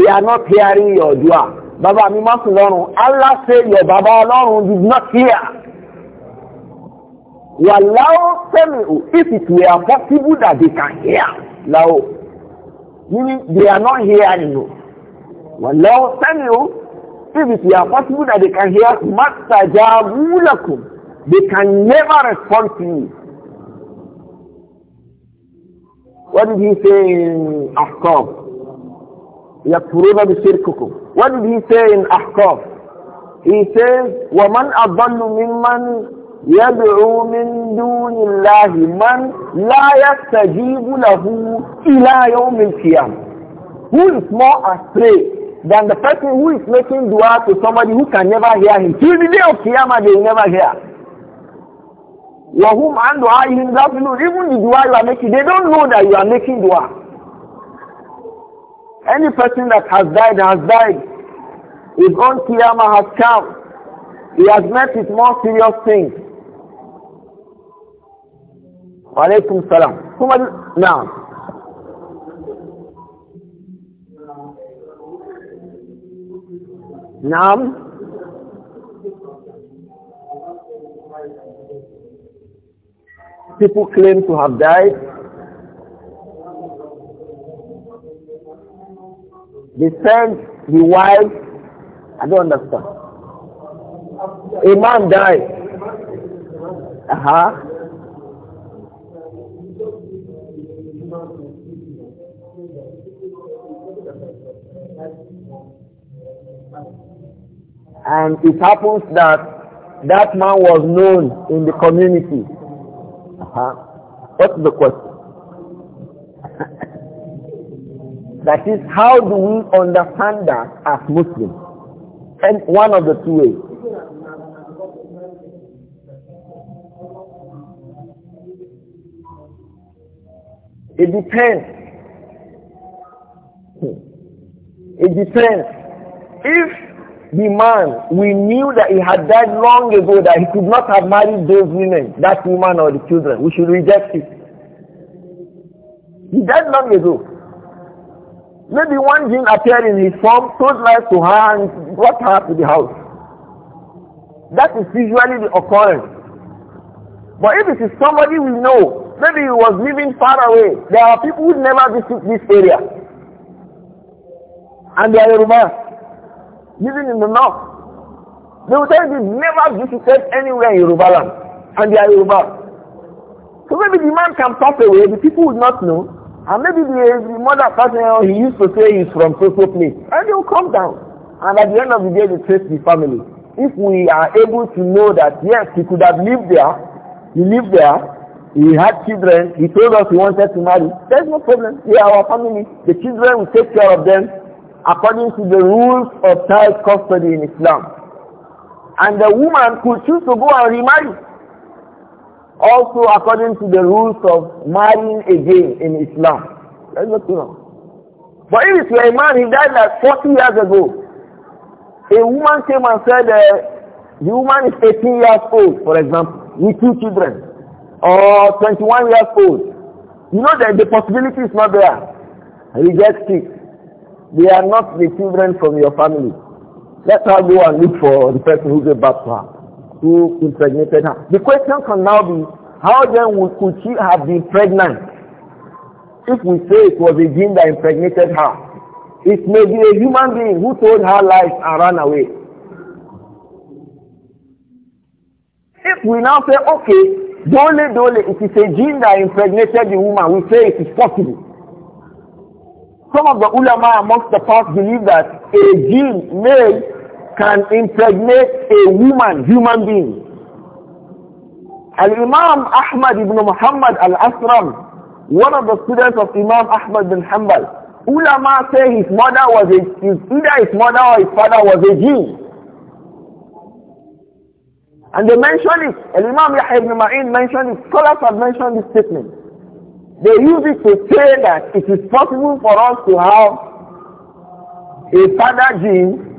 They are not hearing your dua. Baba mi má sùn lọ́rùn. Allah say your baba ọlọ́run is not here. hear. tell sẹ́mi if it were possible that they can hear. Láwo. Meaning they are not hearing you. Wàláwó sẹ́mi o if it were possible that they can hear. Màtàjà wúlọ̀kùn. They can never respond to you. What did he say in Ahqaf? يكفرون بشرككم what did he say in Ahqaf he says ومن أضل ممن يدعو من دون الله من لا يستجيب له إلى يوم القيامة who is more astray than the person who is making dua to somebody who can never hear him till the day of Qiyamah they will never hear وهم عن دعائهم غافلون even the dua you are making they don't know that you are making dua any person that has died has died. His own kiyama has come. He has met with more serious things. Walaikum salam. Now, نعم people claim to have died The sent the wife. I don't understand. A man died. Uh-huh. And it happens that that man was known in the community. Uh-huh. What's the question? That is, how do we understand that as Muslims? And one of the two ways. It depends. It depends. If the man, we knew that he had died long ago, that he could not have married those women, that woman or the children, we should reject it. He died long ago. Maybe one jinn appeared in his form, told life to her and brought her to the house. That is usually the occurrence. But if it is somebody we know, maybe he was living far away, there are people who never visit this area. And they are Yoruba, living in the north. They will tell you they've never visited anywhere in Yoruba land. And they are Yoruba. So maybe the man can pass away, the people would not know. And maybe the, the mother person uh, he used to say is from so so place. And they will come down. And at the end of the day, they trace the family. If we are able to know that, yes, he could have lived there, he lived there, he had children, he told us he wanted to marry, there's no problem. We are our family. The children, will take care of them according to the rules of child custody in Islam. And the woman could choose to go and remarry also according to the rules of marrying again in Islam. That's not wrong. But if it's a man, he died like 40 years ago. A woman came and said, uh, the woman is 18 years old, for example, with two children, or 21 years old. You know that the possibility is not there. Reject it. They are not the children from your family. Let her go and look for the person who gave birth to her who impregnated her. The question can now be, how then could she have been pregnant? If we say it was a gene that impregnated her, it may be a human being who told her lies and ran away. If we now say, okay, dole dole, it is a gene that impregnated the woman, we say it is possible. Some of the ulama amongst the past believe that a gene may can impregnate a woman, human being. Al-Imam Ahmad ibn Muhammad al-Asram, one of the students of Imam Ahmad bin Hanbal, ulama say his mother was a, his, either his mother or his father was a Jew. And they mention it, Al-Imam Yahya ibn Ma'in mentioned it, scholars have mentioned this statement. They use it to say that it is possible for us to have a father gene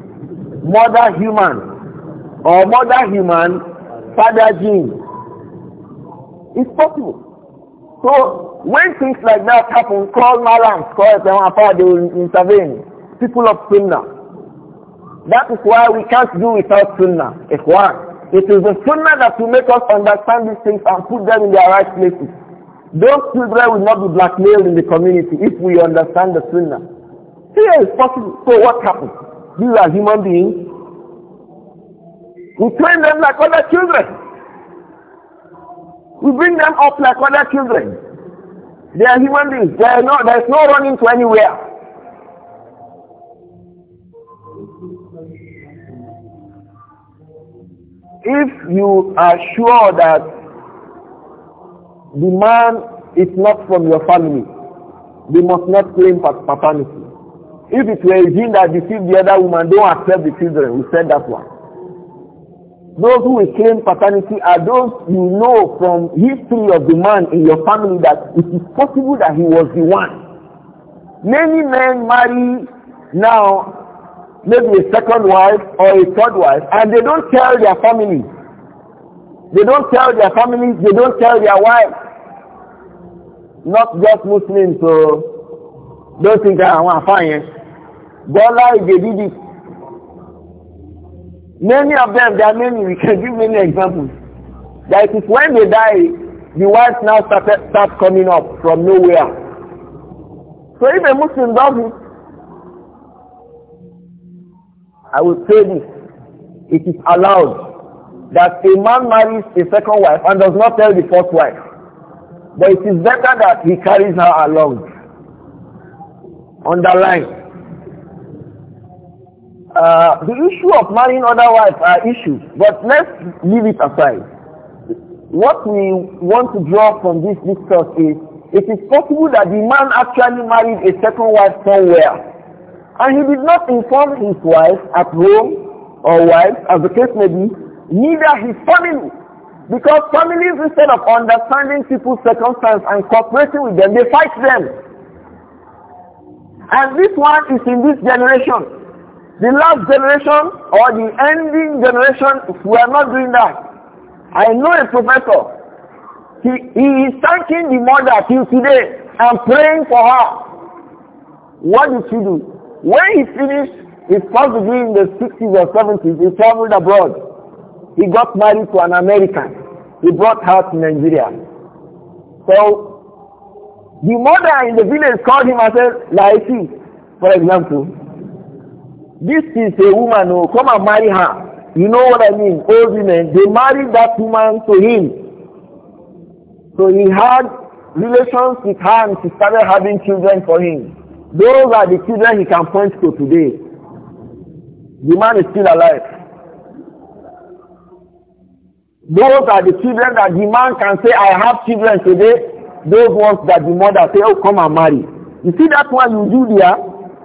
mother human or mother human father gene it's possible so when things like that happen call malams call etemafa they will intervene people of sunnah that is why we can't do without sunnah one. it is the sunnah that will make us understand these things and put them in their right places those children will not be blackmailed in the community if we understand the sunnah here is possible so what happens these are human beings. We train them like other children. We bring them up like other children. They are human beings. There is no, there is no running to anywhere. If you are sure that the man is not from your family, they must not claim paternity. If it were a that deceived the other woman, don't accept the children. We said that one. Those who will claim paternity are those you know from history of the man in your family that it is possible that he was the one. Many men marry now maybe a second wife or a third wife and they don't tell their family. They don't tell their families, they don't tell their wife. Not just Muslims, so don't think that àwọn àfáà yẹn bọ́lá èdè dídì many of them there are many we can give many examples that is when they die the wives now start start coming up from nowhere so if a muslim does it i will say this it is allowed that a man marries a second wife and does not tell the first wife but it is better that he carries her along Underline. Uh, the issue of marrying other wives are issues, but let's leave it aside. What we want to draw from this discourse is, it is possible that the man actually married a second wife somewhere, and he did not inform his wife at home or wife, as the case may be, neither his family. Because families, instead of understanding people's circumstances and cooperating with them, they fight them. And this one is in this generation. The last generation or the ending generation, we are not doing that. I know a professor. He, he is thanking the mother till today and praying for her. What did she do? When he finished his first in the 60s or 70s, he traveled abroad. He got married to an American. He brought her to Nigeria. So the mother in the village called him and said, Laiti, for example, this is a woman who oh, come and marry her. You know what I mean? Old women, they married that woman to him. So he had relations with her and she started having children for him. Those are the children he can point to today. The man is still alive. Those are the children that the man can say, I have children today those ones that the mother say, oh, come and marry. You see that one in do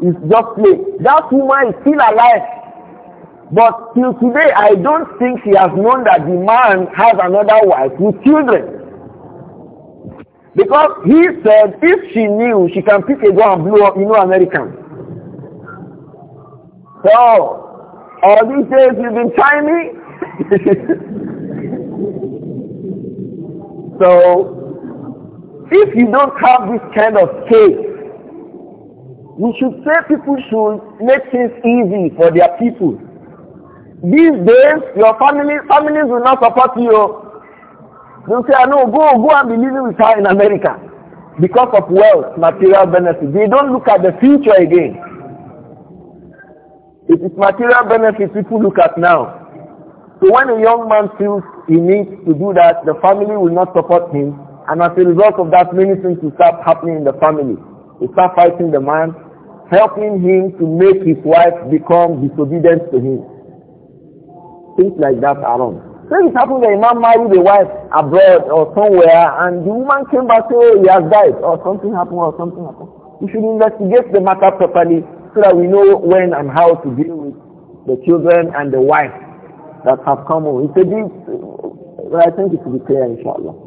is just play. That woman is still alive. But till today, I don't think she has known that the man has another wife with children. Because he said if she knew, she can pick a gun and blow up, you know, American. So, all these days you've been trying me. so, if you don't have this kind of faith, we should say people should make things easy for their people. These days, your family families will not support you. They'll say, "I know, go, go and be living with her in America because of wealth, material benefit. They don't look at the future again. It is material benefits people look at now. So when a young man feels he needs to do that, the family will not support him. And as a result of that, many things will start happening in the family. We start fighting the man, helping him to make his wife become disobedient to him. Things like that are wrong. Things happen when a man married a wife abroad or somewhere and the woman came back to oh, he has died or something happened or something happened. We should investigate the matter properly so that we know when and how to deal with the children and the wife that have come over. It's a big, well, uh, I think it will be clear, inshallah.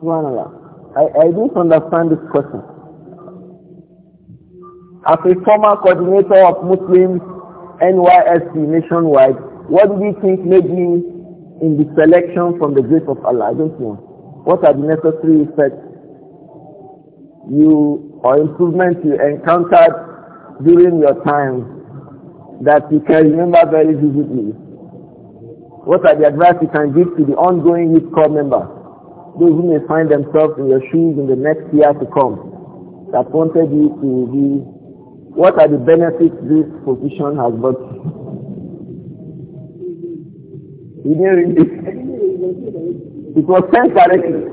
I, I don't understand this question. As a former coordinator of Muslims NYSC nationwide, what do you think made you in the selection from the grace of Allah? I don't know. What are the necessary effects you or improvements you encountered during your time that you can remember very vividly? What are the advice you can give to the ongoing youth corps members? those who may find themselves in your shoes in the next year to come that wanted you to be, what are the benefits this position has brought you? Didn't it. it was sent directly.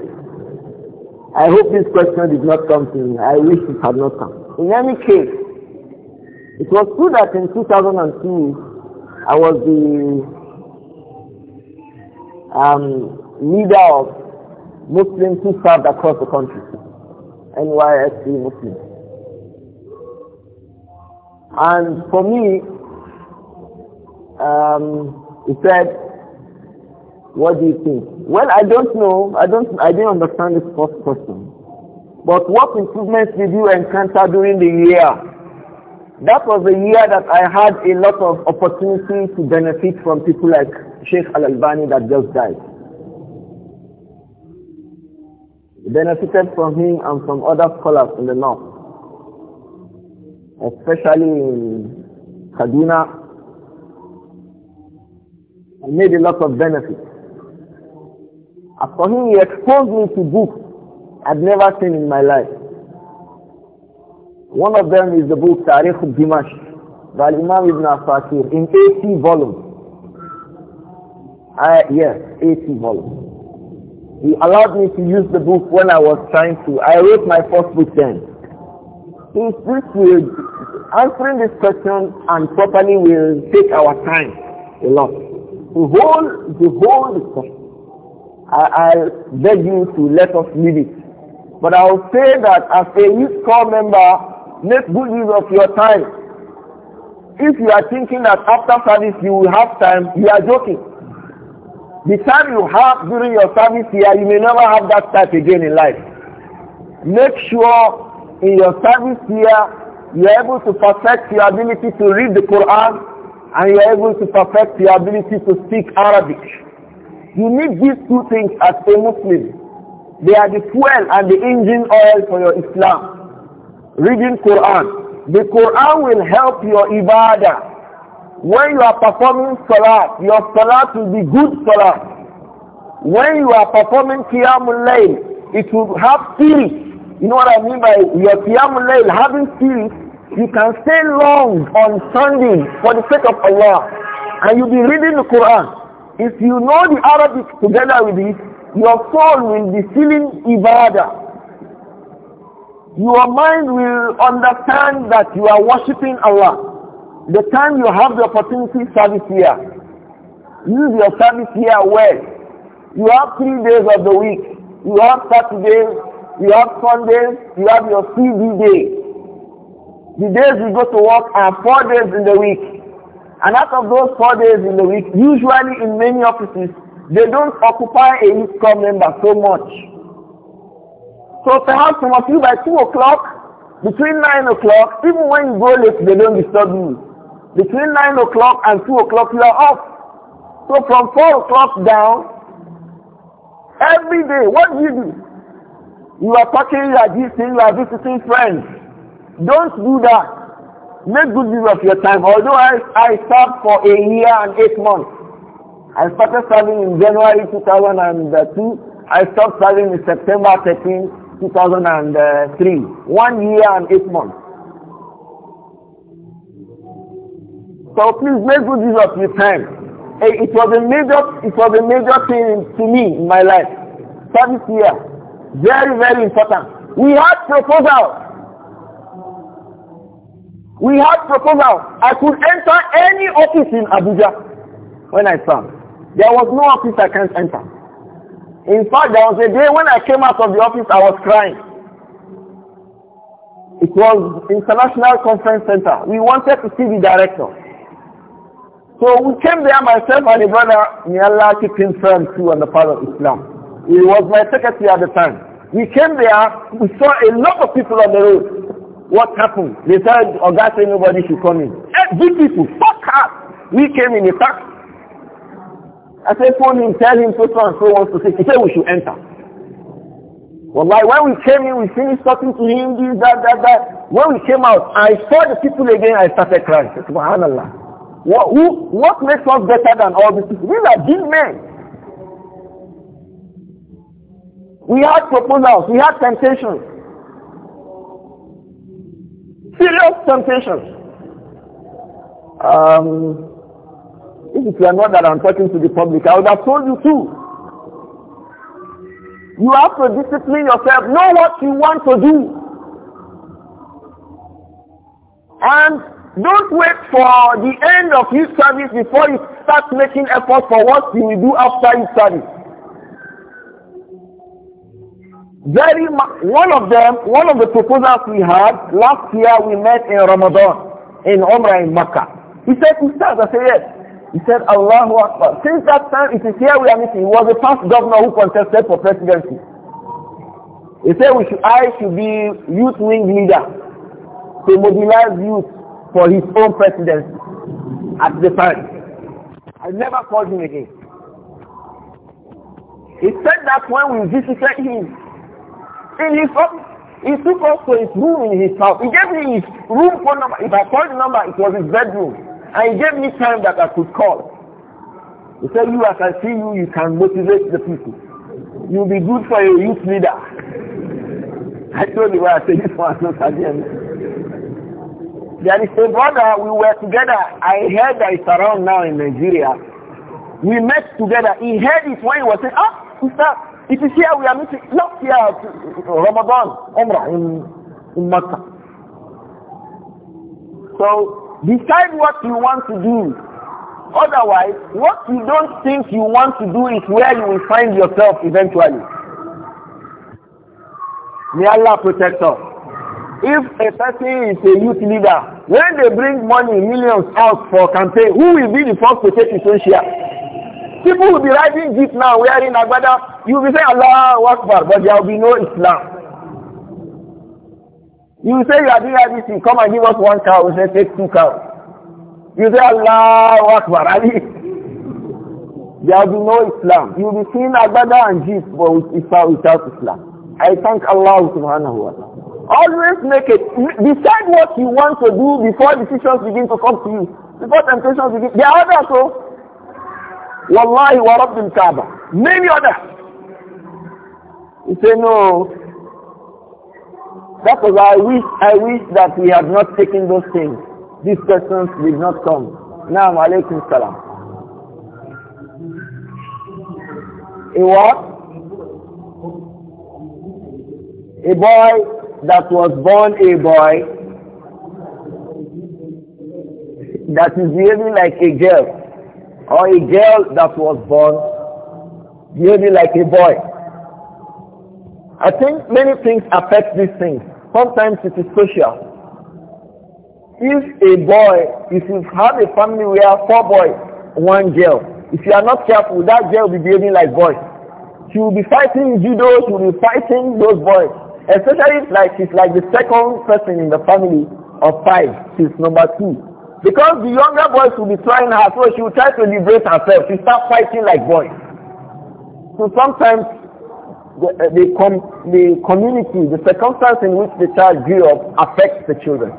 I hope this question did not come to me. I wish it had not come. In any case, it was true that in 2002, I was the um, leader of Muslims who served across the country. NYSC Muslims. And for me, um, he said, what do you think? Well, I don't know. I don't, I didn't understand this first question. But what improvements did you encounter during the year? That was a year that I had a lot of opportunity to benefit from people like Sheikh Al-Albani that just died. benefited from him and from other scholars in the north, especially in Kaduna, and made a lot of benefit. As for him, he exposed me to books I'd never seen in my life. One of them is the book Tarikh Dimash by Imam Ibn Asakir in 80 volumes. I, yes, 80 volumes. He allowed me to use the book when I was trying to. I wrote my first book then. Is this will answering this question and properly will take our time a lot. The whole the whole discussion. I, I beg you to let us leave it. But I'll say that as a youth corps member, make good use of your time. If you are thinking that after service you will have time, you are joking. The time you have during your service here, you may never have that type again in life. Make sure in your service here, you're able to perfect your ability to read the Quran and you're able to perfect your ability to speak Arabic. You need these two things as a Muslim. They are the fuel and the engine oil for your Islam. Reading Quran. The Quran will help your ibadah when you are performing salah, your salah will be good salah. When you are performing qiyamul layl, it will have spirit. You know what I mean by your qiyamul layl having spirit? You can stay long on standing for the sake of Allah, and you'll be reading the Quran. If you know the Arabic together with it, your soul will be feeling ibadah your mind will understand that you are worshipping Allah. The time you have the opportunity, service here. Use your service here well. You have three days of the week. You have Saturday. you have Sunday. you have your CV day. The days you go to work are four days in the week. And out of those four days in the week, usually in many offices, they don't occupy a USCOM member so much. So perhaps some of you by 2 o'clock, between 9 o'clock, even when you go late, they don't disturb you. Between 9 o'clock and 2 o'clock, you are off. So from 4 o'clock down, every day, what do you do? You are talking, you are visiting, you are visiting friends. Don't do that. Make good use of your time. Although I, I served for a year and eight months. I started serving in January 2002. I stopped serving in September 13, 2003. One year and eight months. So please make us do this up time. It was a major, it was a major thing to me in my life. Service here, very very important. We had proposal. We had proposal. I could enter any office in Abuja when I found. There was no office I can't enter. In fact, there was a day when I came out of the office, I was crying. It was International Conference Center. We wanted to see the director. So we came there, myself and a brother, may Allah keep firm too on the power of Islam. He was my secretary at the time. We came there, we saw a lot of people on the road. What happened? They said, oh God said nobody should come in. Good people, fuck up. We came in a taxi. I said, phone him, tell him so, so and so wants to say. He said we should enter. Well, like when we came in, we finished talking to him, this, that, that, that. When we came out, I saw the people again, I started crying. Subhanallah. What, who, what makes us better than all these people? These are good men. We had proposals. We had temptations. Serious temptations. Um, if you are not that I'm talking to the public, I would have told you too. You have to discipline yourself. Know what you want to do. And don't wait for the end of youth service before you start making effort for what you will do after your service. Very one of them, one of the proposals we had last year, we met in Ramadan in Umrah in Makkah. He said, Ustaz, I said yes. He said, Allahu Akbar. Since that time, it is here we are meeting. He was the first governor who contested for presidency. He said, we should, I should be youth wing leader to mobilize youth for his own presidency at the time. I never called him again. He said that when we visited him in his office, he took us to his room in his house. He gave me his room phone number. If I called the number, it was his bedroom. And he gave me time that I could call. He said, you, as I see you, you can motivate the people. You'll be good for a youth leader. I told him, well, I said, this one's not again. There is a brother, we were together. I heard that it's around now in Nigeria. We met together. He heard it when he was saying, ah, sister, it is here we are meeting. Not here, Ramadan, Umrah in, in Makkah. So decide what you want to do. Otherwise, what you don't think you want to do is where you will find yourself eventually. May Allah protect us. If a person is a youth leader, when they bring money, millions out for campaign, who will be the first to take his own share? People will be riding jeep now wearing agbada. You will say Allah Akbar, but there will be no Islam. You say you are doing everything. Come and give us one cow. We say take two cows. You say Allah Akbar. Ali. There will be no Islam. You will be seeing Agbada and Jeep, but without, without Islam. I thank Allah subhanahu wa ta'ala. Always make it. Decide what you want to do before decisions begin to come to you. Before temptations begin. There are others so. Oh. Wallahi wa rabbil Kaaba. Many others. You say no. That was I wish I wish that we had not taken those things. These persons did not come. Naam alaykum salam. A what? A boy that was born a boy that is behaving like a girl or a girl that was born behaving like a boy. I think many things affect these things. Sometimes it is social. If a boy, if you have a family where four boys, one girl, if you are not careful, that girl will be behaving like boys. She will be fighting judo, she will be fighting those boys. Especially if like she's like the second person in the family of five, she's number two. Because the younger boys will be trying her, so she will try to liberate herself. She start fighting like boys. So sometimes the, uh, the, com the community, the circumstance in which the child grew up affects the children.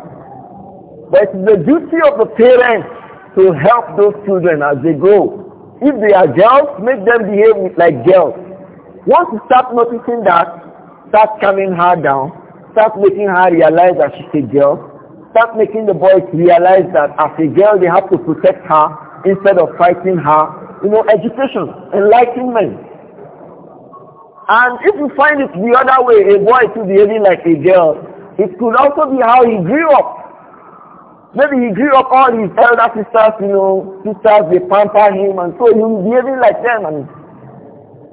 But it's the duty of the parents to help those children as they grow. If they are girls, make them behave like girls. Once you start noticing that, Start calming her down. Start making her realize that she's a girl. Start making the boys realize that as a girl they have to protect her instead of fighting her. You know, education, enlightenment. And if you find it the other way, a boy to behaving like a girl, it could also be how he grew up. Maybe he grew up all his elder sisters, you know, sisters, they pamper him, and so he's behaving like them, and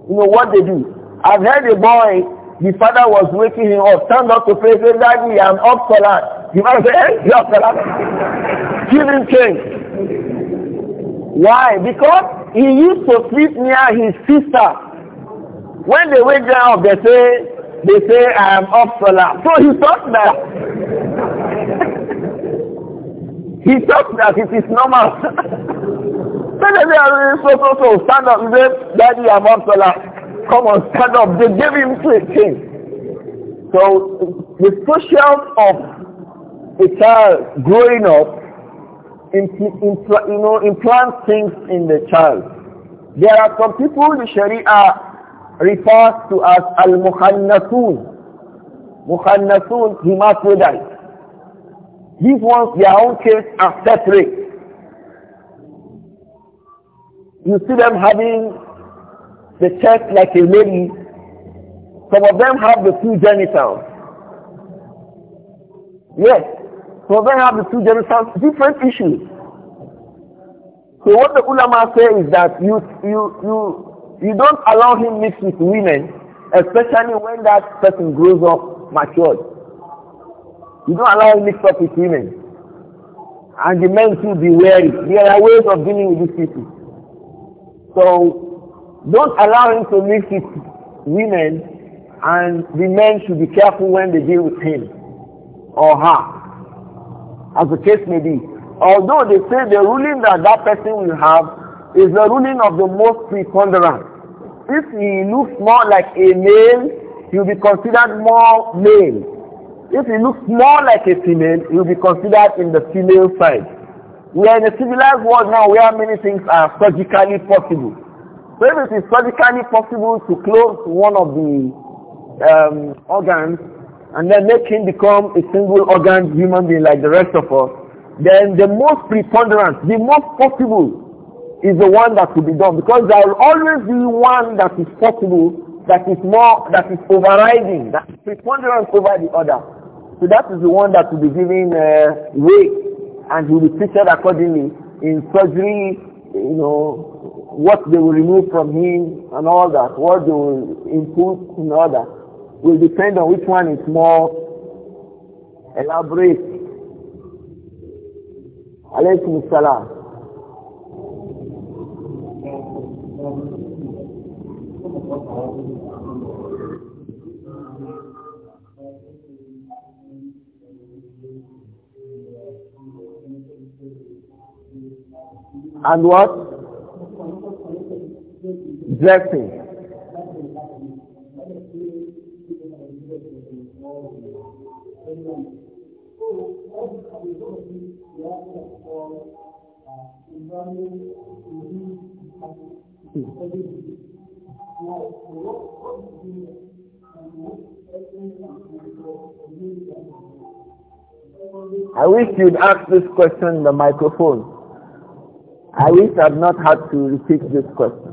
you know what they do. I've heard a boy the father was waking him up, turned up to pray, say, Daddy, I'm up for that. The man said, hey, eh, you're up for that. Give him change. Why? Because he used to sleep near his sister. When they wake up, they say, they say, I am up for that. So he thought that. he thought that it is normal. so they say, so, so, so, stand up, say, Daddy, I'm up for that come and stand up. They gave him to a king. So the social of a child growing up impl impl you know, implants things in the child. There are some people the Sharia refers to as al-muhannathun. Muhannathun, hermaphrodites. These ones, their own case are separate. You see them having the chest like a lady. Some of them have the two genitals. Yes, some of them have the two genitals. Different issues. So what the ulama say is that you you you you don't allow him mix with women, especially when that person grows up matured. You don't allow him mix up with women. And the men should be wary. There are ways of dealing with these people. So don't allow him to mix with women and the men should be careful when they deal with him or her, as the case may be. Although they say the ruling that that person will have is the ruling of the most preponderant. If he looks more like a male, he will be considered more male. If he looks more like a female, he will be considered in the female side. We are in a civilized world now where many things are surgically possible. So if it is surgically possible to close one of the um, organs and then make him become a single organ human being like the rest of us, then the most preponderant, the most possible is the one that will be done because there will always be one that is possible that is more that is overriding that is preponderant over the other so that is the one that will be given uh, weight and will be treated accordingly in surgery you know what they will remove from him and all that, what they will input in all will depend on which one is more elaborate. Alaykum salam. And what? I wish you'd ask this question in the microphone. I wish i would not had to repeat this question.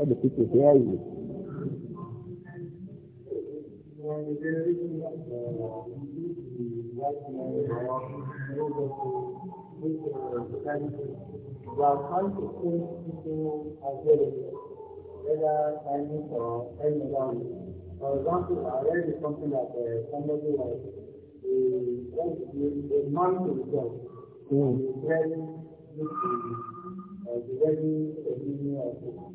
wanda kuke sai ya yi For example, I read something that somebody like a, man himself, mm. very, uh, very, very, very,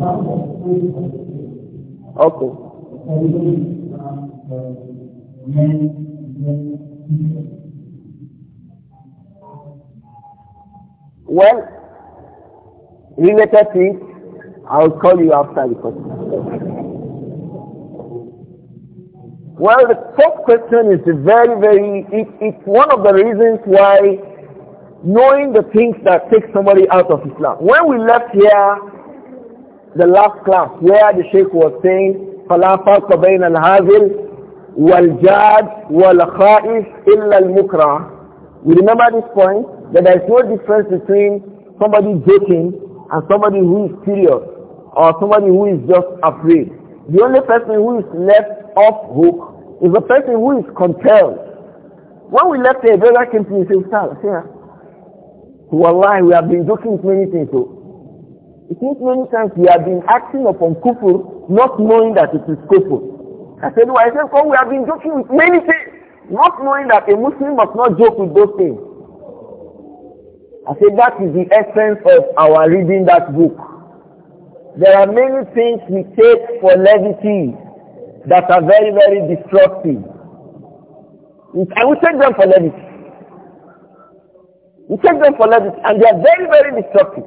Okay. Well, related to it, I'll call you after the question. Well, the top question is very, very, it, it's one of the reasons why knowing the things that take somebody out of Islam. When we left here, the last class where the Sheikh was saying, فَلَا فَرْقَ بَيْنَ الْهَازِلِ وَالْجَادِ وَالْخَائِفِ إِلَّا الْمُكْرَى We remember this point, that there is no difference between somebody joking and somebody who is serious or somebody who is just afraid. The only person who is left off hook is the person who is compelled. When we left here, brother came to me and said, Sir, Wallahi, we have been joking many things. So it means many times we have been acting upon kufur, not knowing that it is kufur. I said, why? I said, oh, we have been joking with many things, not knowing that a Muslim must not joke with those things. I said, that is the essence of our reading that book. There are many things we take for levity that are very, very destructive. I will take them for levity. We take them for levity, and they are very, very destructive.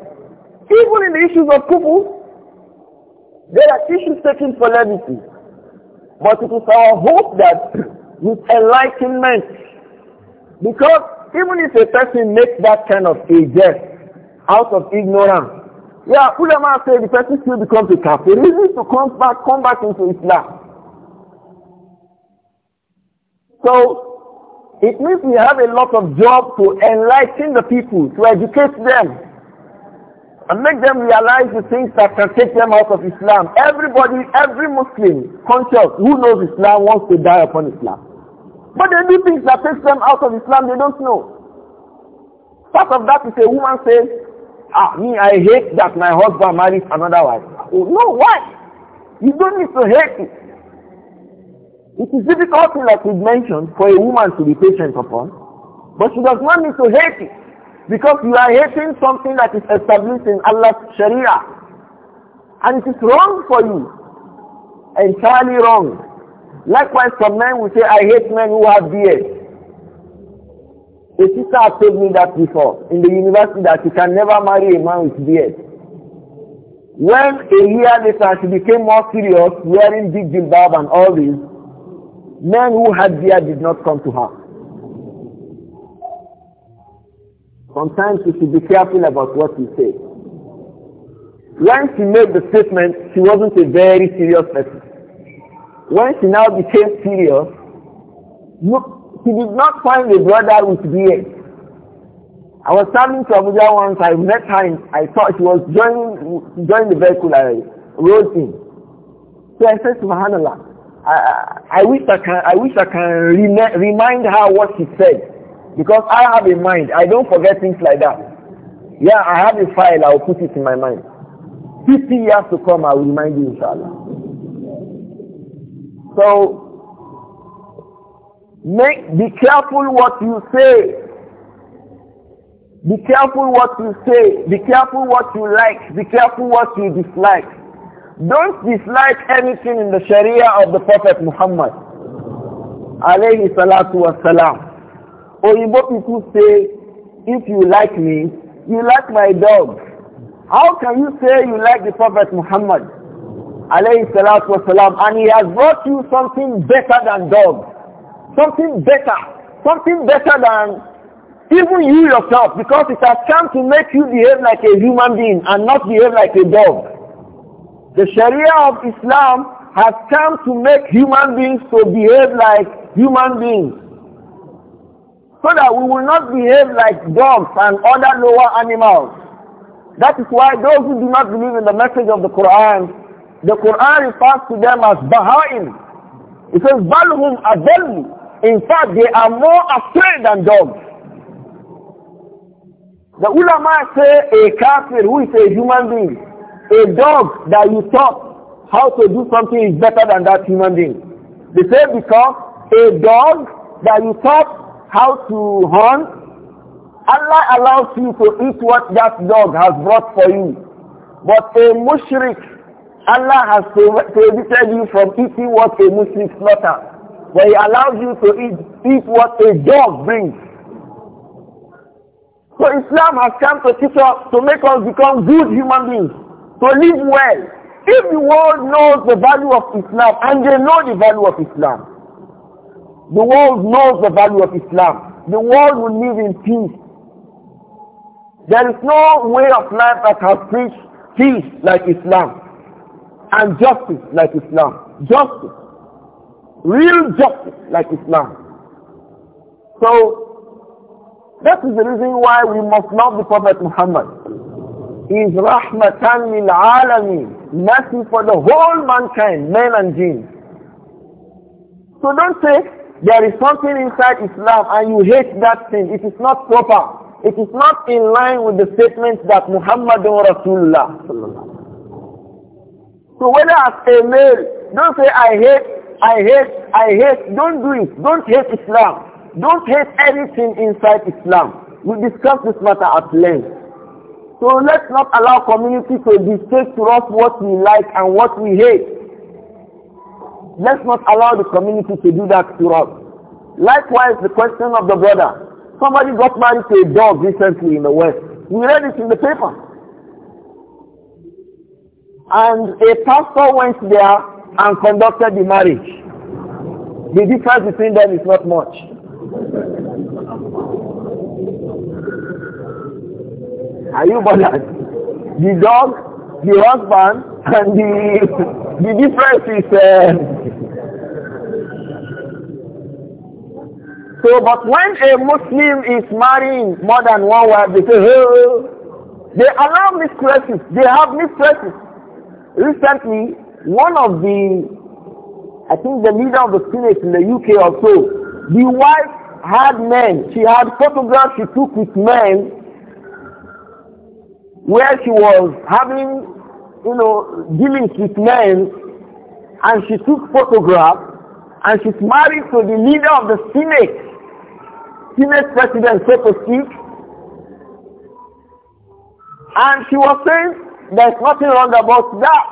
Even in the issues of people, there are issues taking solemnity. But it is our hope that with enlightenment, because even if a person makes that kind of a jest out of ignorance, yeah, ulama say the person still becomes a kafir. He needs to come back, come back into Islam. So it means we have a lot of job to enlighten the people, to educate them, and make them realize the things that can take them out of Islam. Everybody, every Muslim conscious who knows Islam wants to die upon Islam. But they do things that takes them out of Islam they don't know. Part of that is a woman says, ah, me, I hate that my husband marries another wife. Oh, no, why? You don't need to hate it. It is difficult, like we mentioned, for a woman to be patient upon, but she does not need to hate it. Because you are hating something that is established in Allah's Sharia. And it is wrong for you. Entirely wrong. Likewise, some men will say, I hate men who have beards. A sister has told me that before in the university that she can never marry a man with beard. When a year later she became more serious, wearing big jilbab and all this, men who had beard did not come to her. Sometimes we should be careful about what we say. When she made the statement, she wasn't a very serious person. When she now became serious, look, she did not find a brother with beard. I was traveling to Abuja once, I met her and I thought she was joining, joining the vehicle I rode in. So I said, Subhanallah, I, I, I wish I can, I wish I can remind her what she said. Because I have a mind. I don't forget things like that. Yeah, I have a file. I will put it in my mind. 50 years to come, I will remind you, inshallah. So, make, be careful what you say. Be careful what you say. Be careful what you like. Be careful what you dislike. Don't dislike anything in the Sharia of the Prophet Muhammad. Alayhi salatu wasalam. Oyibo people say, if you like me, you like my dog. How can you say you like the Prophet Muhammad? Alayhi And he has brought you something better than dog. Something better. Something better than even you yourself. Because it has come to make you behave like a human being and not behave like a dog. The Sharia of Islam has come to make human beings to behave like human beings. So that we will not behave like dogs and other lower animals. That is why those who do not believe in the message of the Quran, the Quran refers to them as Baha'im. It says, Balhum Adel. In fact, they are more afraid than dogs. The ulama say a kafir who is a human being, a dog that you taught how to do something is better than that human being. They say because a dog that you taught how to hunt. Allah allows you to eat what that dog has brought for you. But a mushrik, Allah has prohibited you from eating what a mushrik slaughter. But He allows you to eat, eat what a dog brings. So Islam has come to teach us, to make us become good human beings, to live well. If the world knows the value of Islam, and they know the value of Islam, the world knows the value of Islam. The world will live in peace. There is no way of life that has preached peace like Islam and justice like Islam. Justice. Real justice like Islam. So, that is the reason why we must love the Prophet Muhammad. He is rahmatan lil alameen. Mercy for the whole mankind, men and jinn. So don't say, there is something inside Islam and you hate that thing. It is not proper. It is not in line with the statement that Muhammad Rasulullah. So whether as a male, don't say I hate, I hate, I hate. Don't do it. Don't hate Islam. Don't hate anything inside Islam. We discussed this matter at length. So let's not allow community to dictate to us what we like and what we hate. Let's not allow the community to do that to us. Likewise, the question of the brother. Somebody got married to a dog recently in the West. We read it in the paper. And a pastor went there and conducted the marriage. The difference between them is not much. Are you bothered? The dog, the husband, and the the difference is uh, so, but when a Muslim is marrying more than one wife, they say, "Hey, they allow mistresses, they have mistresses. Recently, one of the, I think the leader of the Senate in the UK or so, the wife had men, she had photographs she took with men where she was having, you know, dealings with men and she took photographs and she's married to the leader of the Senate. Senate president, so to speak. And she was saying there's nothing wrong about that.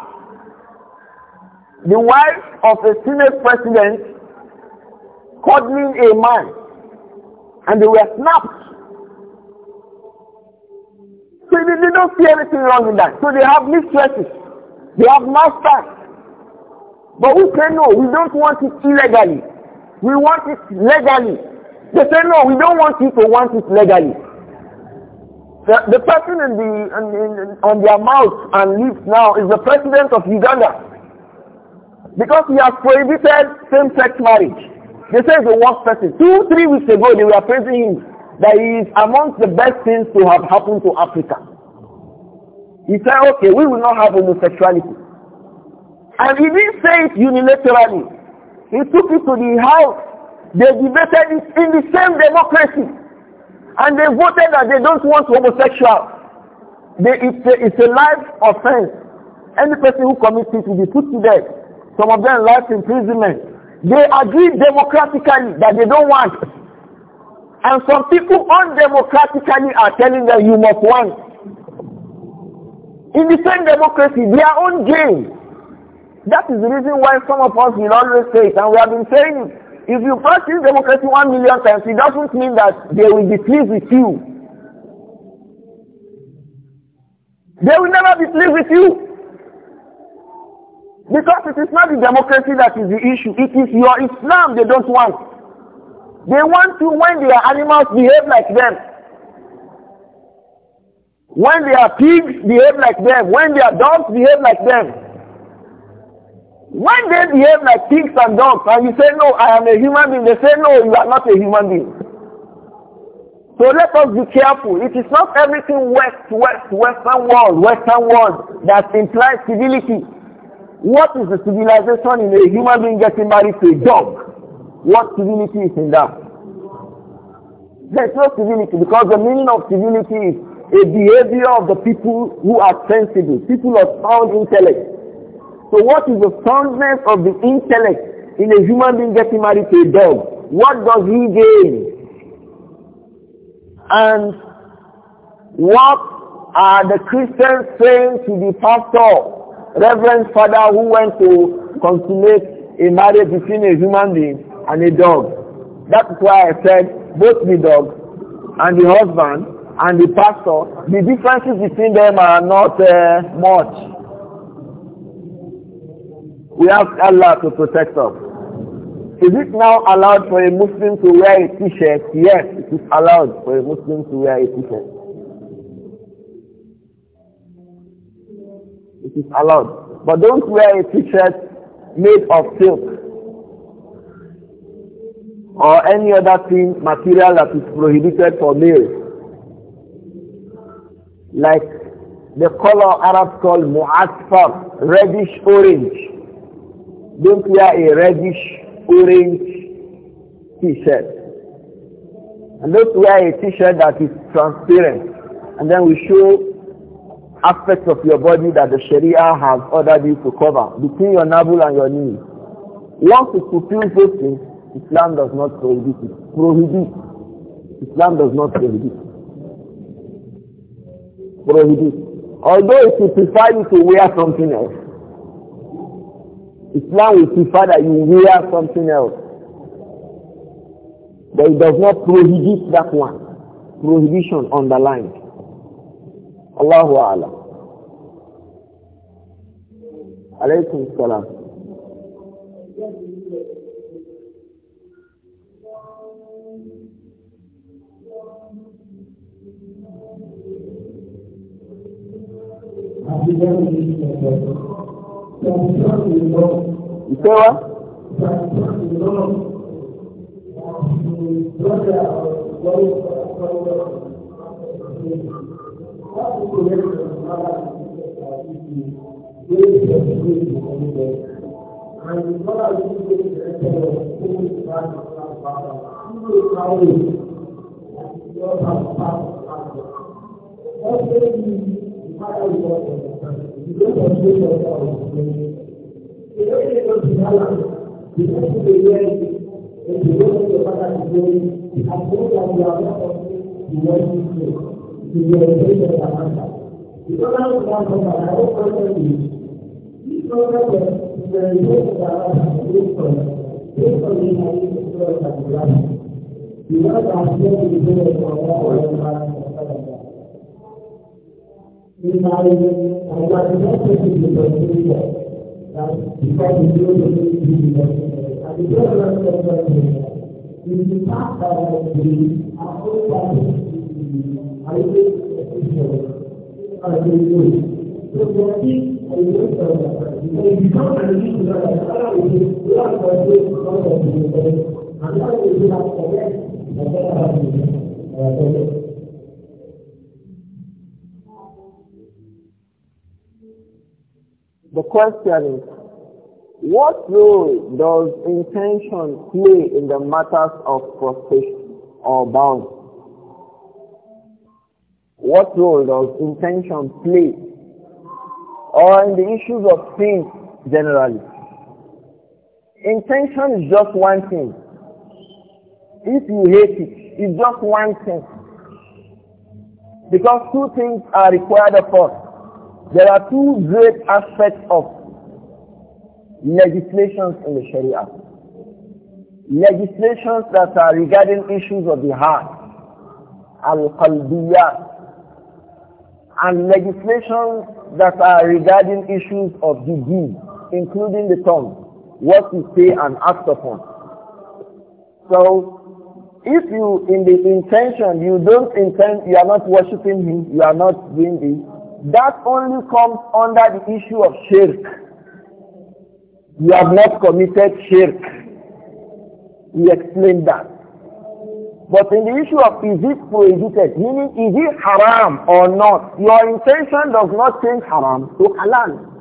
The wife of a Senate president cuddling a man and they were snapped. So they, they don't see anything wrong in that. So they have mistresses. They have masters. But we say no, we don't want it illegally. We want it legally. They say, no, we don't want you to want it legally. The, the person in the, in, in, on their mouth and lips now is the president of Uganda. Because he has prohibited same-sex marriage. They say the worst person. Two, three weeks ago, they were praising him that he is amongst the best things to have happened to Africa. He said, okay, we will not have homosexuality. And he didn't say it unilaterally. He took it to the House they debated it in the same democracy. And they voted that they don't want homosexuals. They, it's, a, it's a life offense. Any person who commits it will be put to death. Some of them life imprisonment. They agreed democratically that they don't want. And some people undemocratically are telling them you must want. In the same democracy, their own game. That is the reason why some of us will always say it, and we have been saying it. If you practice democracy one million times, it doesn't mean that they will be pleased with you. They will never be pleased with you. Because it is not the democracy that is the issue. It is your Islam they don't want. They want to when their animals behave like them. When their pigs, behave like them. When their dogs, behave like them. When they behave like pigs and dogs and you say, no, I am a human being, they say, no, you are not a human being. So let us be careful. It is not everything west, west, western world, western world that implies civility. What is the civilization in a human being getting married to a dog? What civility is in that? There's no civility because the meaning of civility is a behavior of the people who are sensible, people of sound intellect. So what is the soundness of the intellect in a human being getting married to a dog? What does he gain? And what are the Christians saying to the pastor, Reverend Father who went to consummate a marriage between a human being and a dog? That's why I said both the dog and the husband and the pastor, the differences between them are not uh, much. We ask Allah to protect us. Is it now allowed for a Muslim to wear a t-shirt? Yes, it is allowed for a Muslim to wear a t-shirt. It is allowed. But don't wear a t-shirt made of silk or any other thing, material that is prohibited for males. Like the color Arabs call mu'asfar, reddish orange. Don't wear a reddish orange t-shirt. And don't wear a t-shirt that is transparent. And then we show aspects of your body that the Sharia has ordered you to cover between your navel and your knee. Once it fulfills those things, Islam does not prohibit it. Prohibit. Islam does not prohibit. Prohibit. Although it will prefer you to wear something else. Islam will prefer that you wear something else. But it does not prohibit that one. Prohibition on the line. Allahu Alam. Alaykum salam. Thank you. Ìfẹ́ wa. Thank you. because of the way of our explanation. They don't even know the balance. They don't see the reality. And they don't see the father is going. And so that we are not of the world is here. The realization of our matter. Because now we have come and I don't question this. This problem of the realization of our matter is based on based on the reality of the world and the reality. The world has been the realization of our matter. in my I was not taking the procedure that because the new I did not learn the procedure. In the past I was doing I was I was doing I was doing so for this I was doing because I to learn I was doing I was doing I was doing I was doing I was doing The question is, what role does intention play in the matters of prostration or bound? What role does intention play or in the issues of sin generally? Intention is just one thing. If you hate it, it's just one thing. Because two things are required of us. There are two great aspects of legislations in the Sharia. Legislations that are regarding issues of the heart, al-qalbiyat, and legislations that are regarding issues of the deed, including the tongue, what you say and act upon. So, if you, in the intention, you don't intend, you are not worshipping him, you are not doing this, that only comes under the issue of shirk. You have not committed shirk. We explained that. But in the issue of is it prohibited, meaning is it haram or not, your intention does not change haram to halal.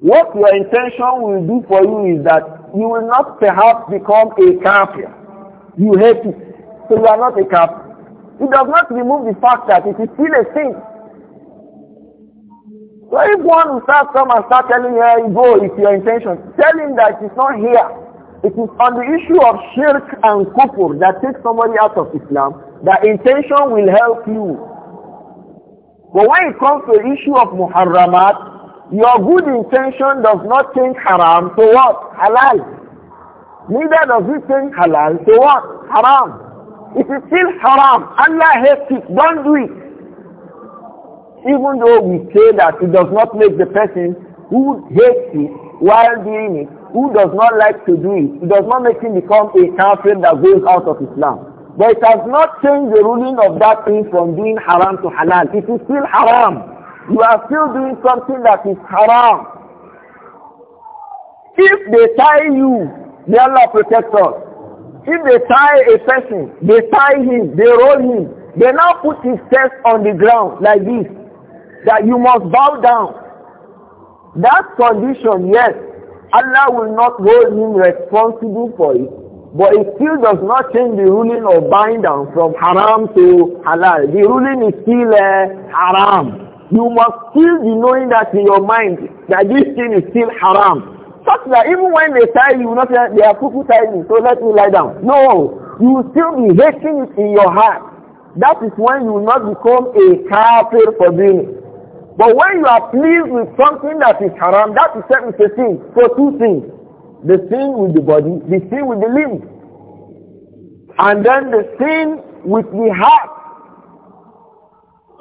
What your intention will do for you is that you will not perhaps become a kafir. You hate it, so you are not a kafir. It does not remove the fact that it is still a sin. So if one will start come and start telling you hey, go, it's your intention, tell him that it's not here. It is on the issue of shirk and kufr that takes somebody out of Islam. That intention will help you. But when it comes to the issue of muharramat, your good intention does not change haram to what? Halal. Neither does it change halal to what? Haram. If you feel haram, Allah hates it, don't do it. Even though we say that it does not make the person who hates it while doing it, who does not like to do it, it does not make him become a kafir that goes out of Islam. But it has not changed the ruling of that thing from being haram to halal. It is still haram. You are still doing something that is haram. If they tie you, may Allah protect us. If they tie a person, they tie him, they roll him, they now put his chest on the ground like this, that you must bow down. That condition, yes, Allah will not hold him responsible for it, but it still does not change the ruling of bowing down from haram to halal. The ruling is still uh, haram. You must still be knowing that in your mind that this thing is still haram. Such that even when they tie you, not they are cuckoo tying me, so let me lie down. No, you will still be hating it in your heart. That is when you will not become a kafir for doing it. But when you are pleased with something that is haram, that itself is sin for two things. The sin with the body, the sin with the limb. And then the sin with the heart.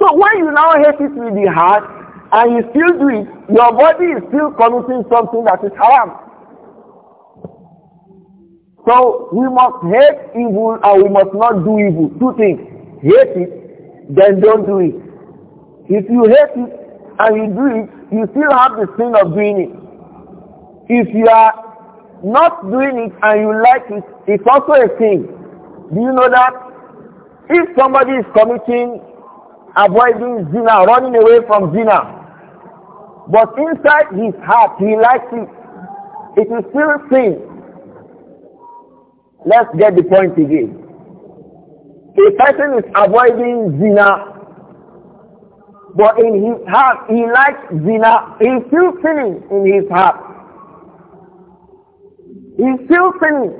So when you now hate it with the heart, and you still do it, your body is still committing something that is haram. So we must hate evil and we must not do evil. Two things. Hate it, then don't do it. If you hate it and you do it, you still have the sin of doing it. If you are not doing it and you like it, it's also a sin. Do you know that? If somebody is committing, avoiding zina, running away from zina, but inside his heart, he likes it. It is still sin. Let's get the point again. A person is avoiding zina, but in his heart, he likes zina. He's still sinning in his heart. He's still sinning.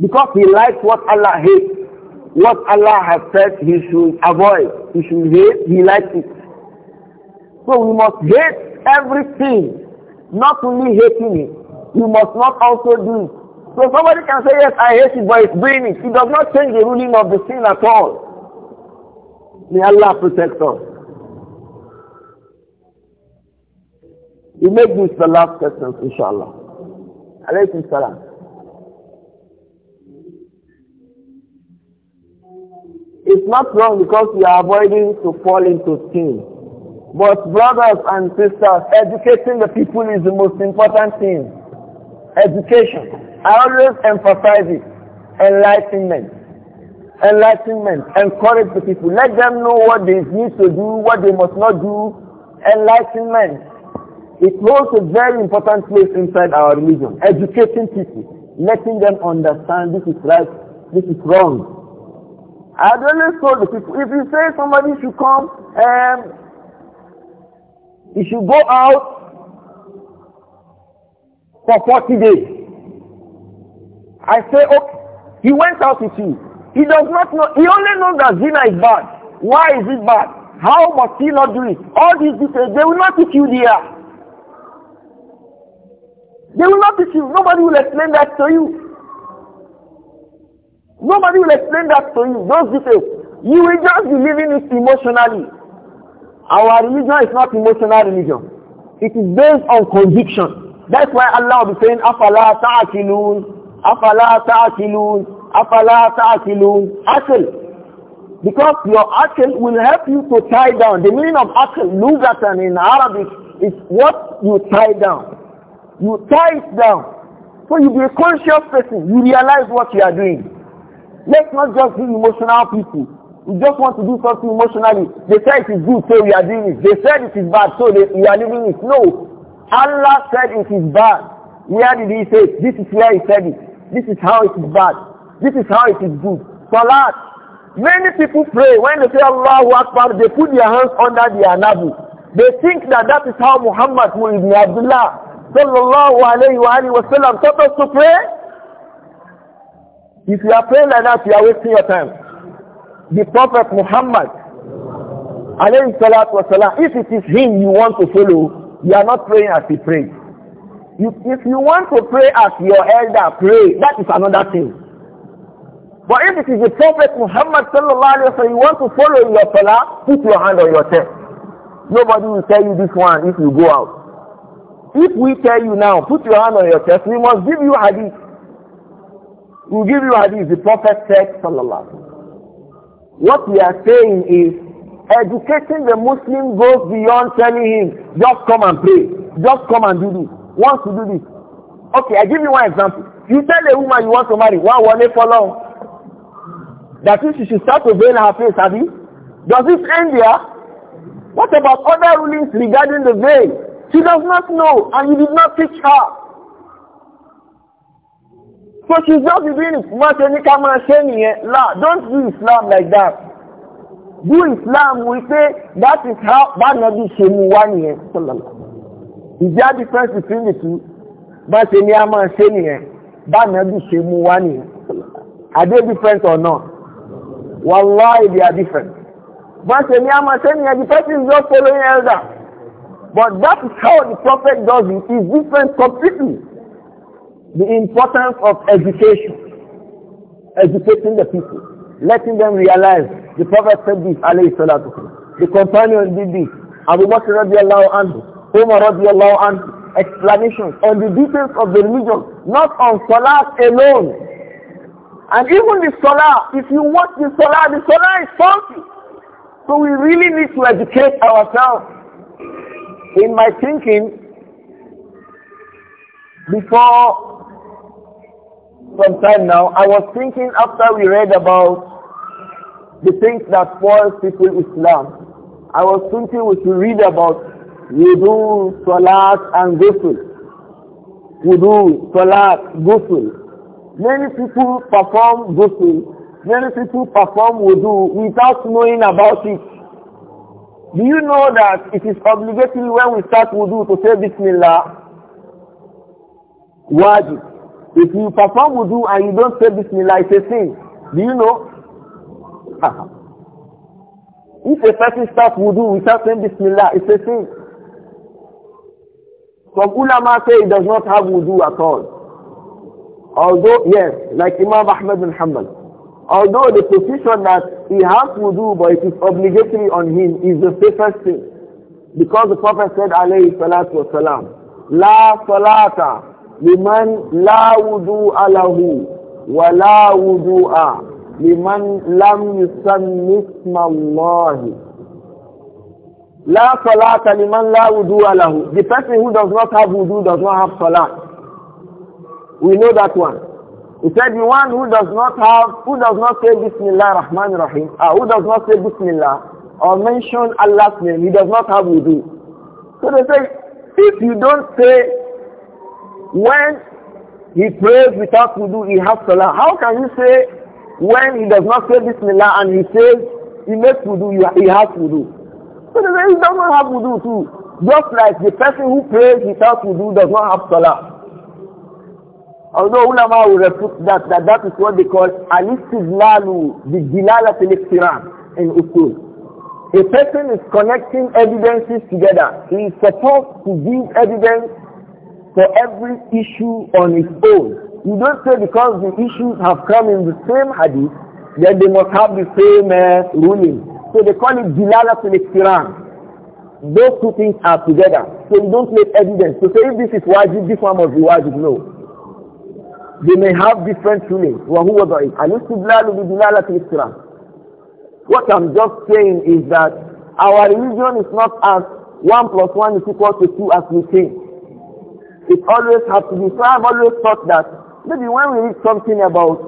Because he likes what Allah hates. What Allah has said he should avoid, he should hate, he likes it. So we must hate everything, not only hating it. You must not also do it. So somebody can say, yes, I hate it, but it's doing it. It does not change the ruling of the sin at all. May Allah protect us. We make this the last question, inshallah. Alaykum salam. It's not wrong because we are avoiding to fall into sin. But brothers and sisters, educating the people is the most important thing. Education. I always emphasize it. Enlightenment. Enlightenment. Encourage the people. Let them know what they need to do, what they must not do. Enlightenment. It holds a very important place inside our religion. Educating people. Letting them understand this is right, this is wrong. I always told the people, if you say somebody should come, um, he should go out for 40 days. I say, okay. He went out with you. He does not know. He only knows that zina is bad. Why is it bad? How must he not do it? All these details, they will not teach you there. They will not teach you. Nobody will explain that to you. Nobody will explain that to you, those details. You will just be living it emotionally. Our religion is not emotional religion. It is based on conviction. That's why Allah will be saying, Afala ta'akilun, Afala ta'akilun, Afala ta'akilun, Akil. Because your akil will help you to tie down. The meaning of akil, lugatan in Arabic, is what you tie down. You tie it down. So you be a conscious person. You realize what you are doing. Let's not just be emotional people. You just want to do something emotionally. They say it is good, so we are doing it. They said it is bad, so they, we are leaving it. No. Allah said it is bad. Where did he say it? This is where he said it. This is how it is bad. This is how it is good. Salat. Many people pray. When they say Allah Akbar, they put their hands under their navel. They think that that is how Muhammad ibn Abdullah sallallahu alayhi wa alayhi wa sallam taught us to pray. If you are praying like that, you are wasting your time the Prophet Muhammad, alayhi salatu wasalam, if it is him you want to follow, you are not praying as he prays. You, if you want to pray as your elder pray, that is another thing. But if it is the Prophet Muhammad sallallahu alaihi wasallam you want to follow your salah, put your hand on your chest. Nobody will tell you this one if you go out. If we tell you now, put your hand on your chest, we must give you hadith. We'll give you hadith. The Prophet said sallallahu alaihi what we are saying is educating the Muslim goes beyond telling him, just come and pray, just come and do this, want to do this. Okay, I give you one example. You tell a woman you want to marry, why won't one follow. means she should start wearing her face, have you? Does this end there? What about other rulings regarding the veil? She does not know, and you did not teach her. So she's just doing it. Mọ́tò ní ká máa ṣe nìyẹn. La don't do Islam like that. Do Islam we say that is how Bánabi ṣe mú wá nìyẹn. Is there difference between the two? Mọ́tò ní a máa ṣe nìyẹn. Bánabi ṣe mú wá nìyẹn. Are they different or not? Wallahi they are different. Mọ́tò ní a máa ṣe nìyẹn. The person is just following elder. But that is how the prophet does it. It is different completely. the importance of education, educating the people, letting them realize the Prophet said this, alayhi salatu The companion did this, Abu Bakr radiallahu anhu, Umar radiallahu anhu, explanations on the details of the religion, not on salah alone. And even the salah, if you watch the salah, the salah is faulty. So we really need to educate ourselves. In my thinking, before some time now, I was thinking after we read about the things that spoils people Islam, I was thinking we should read about wudu, salat, and ghusl. Wudu, salat, ghusl. Many people perform ghusl. Many people perform wudu without knowing about it. Do you know that it is obligatory when we start wudu to say Bismillah? Wajib. If you perform wudu and you don't say Bismillah, it's a sin. Do you know? if a person starts wudu without saying Bismillah, it's a sin. Some ulama say he does not have wudu at all. Although, yes, like Imam Ahmad bin Hanbal. Although the position that he has wudu but it is obligatory on him is the safest thing. Because the Prophet said, alayhi salatu salam, La salata liman la wudu'a lahu wa la wudu'a liman lam yusammi isma la salata liman la wudu'a lahu the person who does not have wudu does not have salah we know that one he said the one who does not have who does not say bismillah rahman rahim uh, who does not say bismillah or mention Allah's name he does not have wudu so they say if you don't say when he prays without wudu, he has salah. How can you say when he does not say bismillah and he says he makes wudu, he has wudu? So he does not have wudu too. Just like the person who prays without wudu does not have salah. Although ulama will refute that, that that is what they call al-istidlalu the dilalat al in usul. A person is connecting evidences together. He is supposed to give evidence for every issue on its own. You don't say because the issues have come in the same hadith, then they must have the same uh, ruling. So they call it dilala to Quran. Those two things are together. So you don't make evidence. So say if this is wajib, this one must be wajib. No. They may have different rulings. وَهُوَ ضَعِيفٌ الْإِسْتِدْلَالُ بِدِلَالَةِ الْإِسْتِرَامِ What I'm just saying is that our religion is not as 1 plus 1 is equal to 2 as we think it always has to be. So I've always thought that maybe when we read something about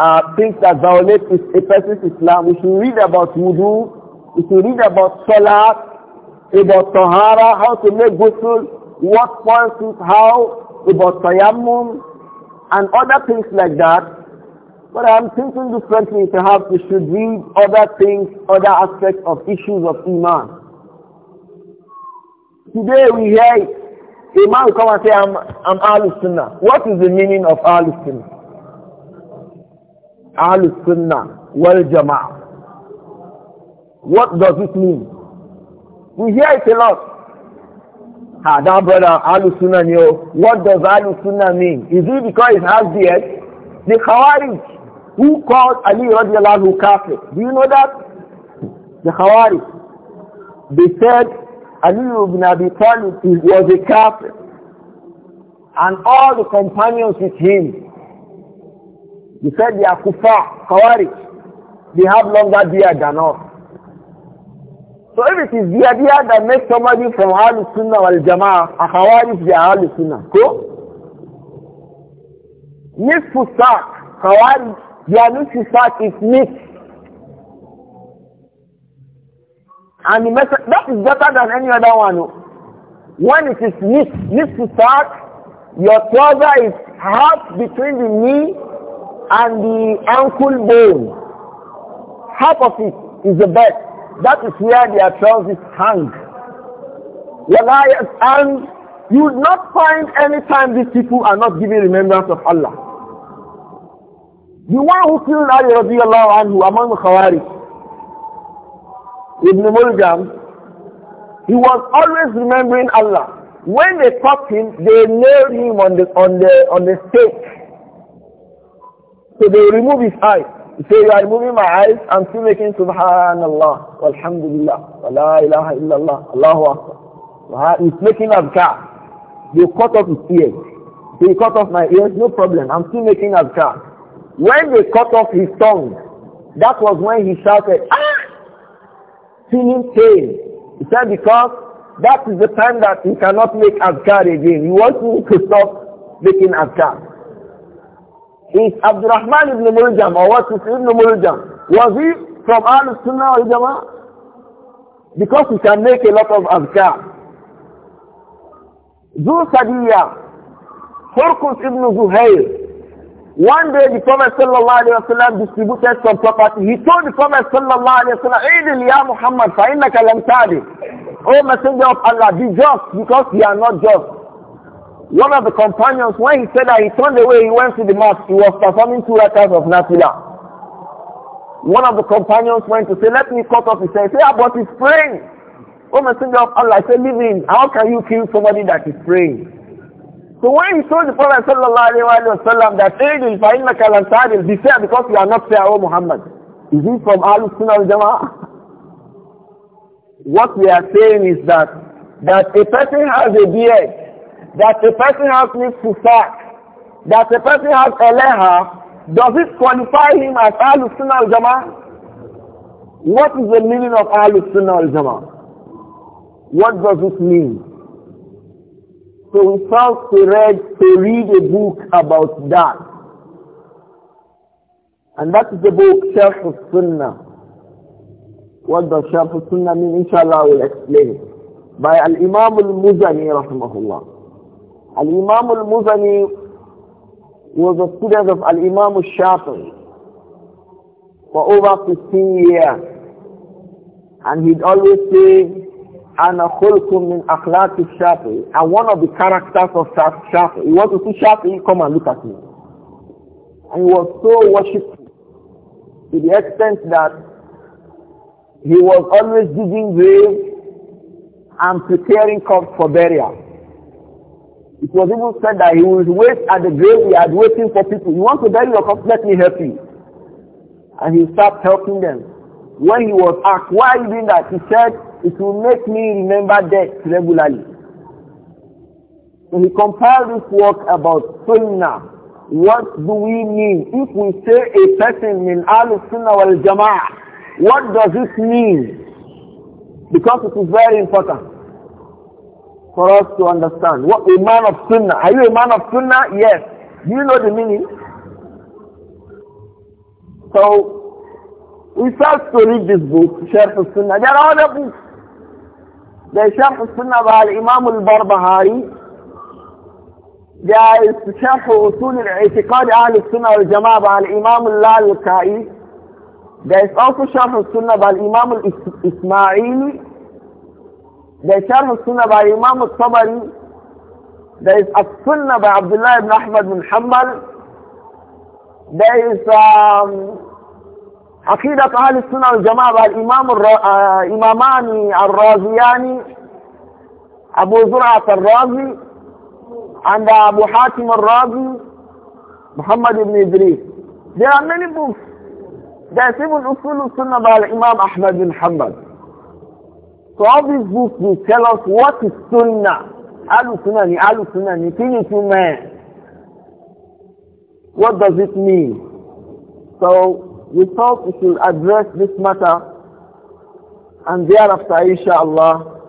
uh, things that violate a person's Islam, we should read about wudu, we should read about salah, about tahara, how to make ghusl, what points is how, about tayammum, and other things like that. But I'm thinking differently. Perhaps we should read other things, other aspects of issues of Iman. Today we hear a man will come and say, I'm, I'm Al-Sunnah. What is the meaning of Al-Sunnah? Al-Sunnah Well, Jama'ah. What does it mean? We hear it a lot. Ah, that brother, Al-Sunnah knew. What does Al-Sunnah mean? Is it because it has the beard? The Khawarij, who called Ali radiallahu kafir. Do you know that? The Khawarij. They said Ali ibn Abi Talib was a kafir. And all the companions with him, he said they are kufa, kawari. They have longer beard than us. So if it is beard, that makes somebody from Ahlul Sunnah wal Jama'ah, a khawarij, they are Ahlul Sunnah. Go. Nisfu sack, khawarij, their nisfu sack is mixed. And the message, that is better than any other one. Oh. When it is missed, missed to start, your trouser is half between the knee and the ankle bone. Half of it is the best. That is where their trousers hang. Walayas and you will not find any time these people are not giving remembrance of Allah. The one who killed Ali radiallahu anhu among the Khawarij, Ibn Muljam, he was always remembering Allah. When they caught him, they nailed him on the, on the, on the stake. So they remove his eyes. He said, you are removing my eyes, I'm still making Subhanallah, Alhamdulillah, La ilaha illallah, Allahu Akbar. He's making adhkar. They cut off his ears. They cut off my ears, no problem, I'm still making adhkar. When they cut off his tongue, that was when he shouted, ah! feeling pain. He said, because that is the time that you cannot make azkar again. You want me to stop making azkar. Is Abdurrahman ibn Muljam or what is Ibn Muljam? Was he from Al Sunnah al Because he can make a lot of azkar. Zu Sadiya, Hurkus ibn Zuhair, one day the Prophet ﷺ distributed some property. He told the Prophet ﷺ, ya Muhammad, fa'innaka lam tadi. O Messenger of Allah, be just because you are not just. One of the companions, when he said that he turned away, he went to the mosque. He was performing two rakats of nafila. One of the companions went to say, let me cut off his head. Say, ah, but he's praying. O Messenger of Allah, I said, leave him. How can you kill somebody that is praying? So when he told the Prophet sallallahu alayhi wa sallam that Eid al-Fa'ilna kalantaril, be fair because you are not fair, O Muhammad. Is he from Ahlul Sunnah al-Jama'ah? What we are saying is that, that a person has a beard, that a person has nifufak, that a person has eleha, does it qualify him as Ahlul Sunnah al-Jama'ah? What is the meaning of Ahlul Sunnah al-Jama'ah? What does this mean? So we felt to read, to read a book about that. And that is the book, Sharh al-Sunnah. What does Sharh al-Sunnah mean? Inshallah, we'll explain it. By Al-Imam al-Muzani, rahimahullah. Al-Imam al-Muzani was a student of Al-Imam al-Shafi'i for over 15 years. And he'd always say, ana khulqun min akhlaq shafi and one of the characters of shafi he want to see shafi come and look at me and he was so worshipful to the extent that he was always digging graves and preparing cups for burial it was even said that he would wait at the graveyard waiting for people you want to bury your corpse let me help you and he stopped helping them when he was asked why he that, he said, it will make me remember death regularly. So he compiled this work about sunnah. What do we mean? If we say a person in al-sunnah wal-jama'ah, what does it mean? Because it is very important for us to understand. What a man of sunnah. Are you a man of sunnah? Yes. Do you know the meaning? So We start to read this book, Sharh al-Sunnah. There are other books. There is Sharh al-Sunnah by Imam al-Barbahari. There is Sharh Usul al-I'tiqad Ahl al-Sunnah al-Jama'ah by Imam al-Lalkai. There is also Sharh al-Sunnah by Imam al-Ismaili. There is Sharh al-Sunnah by Imam al-Tabari. There is As-Sunnah by Abdullah ibn Ahmad bin Hanbal. There is عقيدة أهل السنة والجماعة الإمام الإمامان الرازيان أبو زرعة الرازي and Abu Hatim al-Razi Muhammad ibn Idris there are many books there's even Usul al-Sunnah by Imam Ahmad bin Hanbal so all these books will tell us what is Sunnah Al-Sunnah ni Al-Sunnah ni kini tume what does it mean so we thought we should address this matter and thereafter inshallah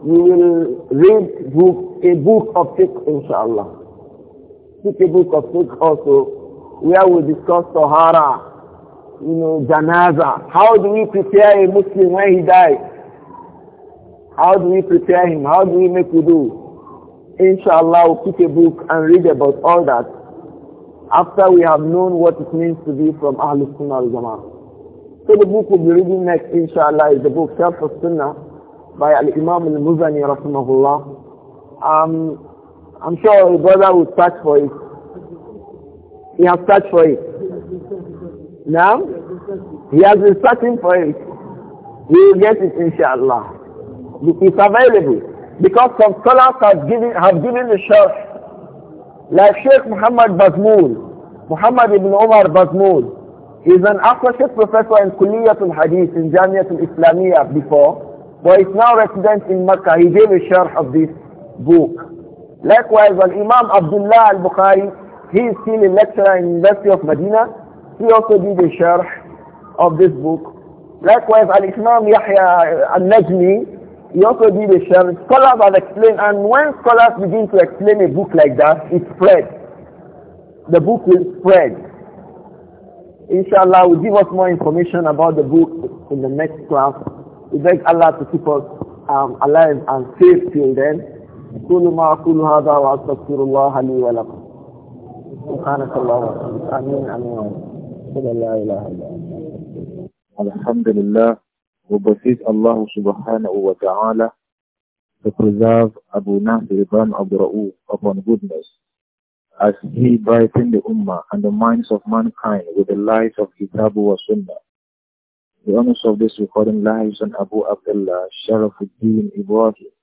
we will read book, a book of fiqh inshallah. Pick a book of fiqh also where we discuss Sahara, you know, janaza. How do we prepare a Muslim when he dies? How do we prepare him? How do we make wudu? Inshallah we'll pick a book and read about all that after we have known what it means to be from Ahlul Sunnah al-Jama'ah. So the book we'll be reading next, inshallah, is the book Self al-Sunnah by Al-Imam al-Muzani, rahimahullah. Um, I'm sure our brother will search for it. He has searched for it. Now? He has been searching for it. He will get it, inshallah. It's available. Because some scholars have given, have given the share. Like Sheikh Muhammad Bazmoul, Muhammad ibn Umar Bazmoul, is an associate professor in Kulliyatul Hadith in Jamiatul Islamiyah before, but is now resident in Mecca. He gave a sharh of this book. Likewise, an Imam Abdullah al-Bukhari, he is still a lecturer in University of Medina. He also did a sharh of this book. Likewise, Al-Imam Yahya al-Najmi, he also did a share. Scholars have explained, and when scholars begin to explain a book like that, it spreads. The book will spread. Inshallah, will give us more information about the book in the next class. We beg Allah to keep us um, alive and safe till then. كل ما أقول هذا وأستغفر الله لي ولكم سبحانك اللهم آمين آمين لا إله إلا أنت الحمد لله we beseech Allah subhanahu wa ta'ala to preserve Abu Nasir ibn Abdul Ra'uf upon goodness as he brightened the Ummah and the minds of mankind with the light of Kitabu wa Sunnah. The honors of this recording lies on Abu Abdullah Sharafuddin Ibrahim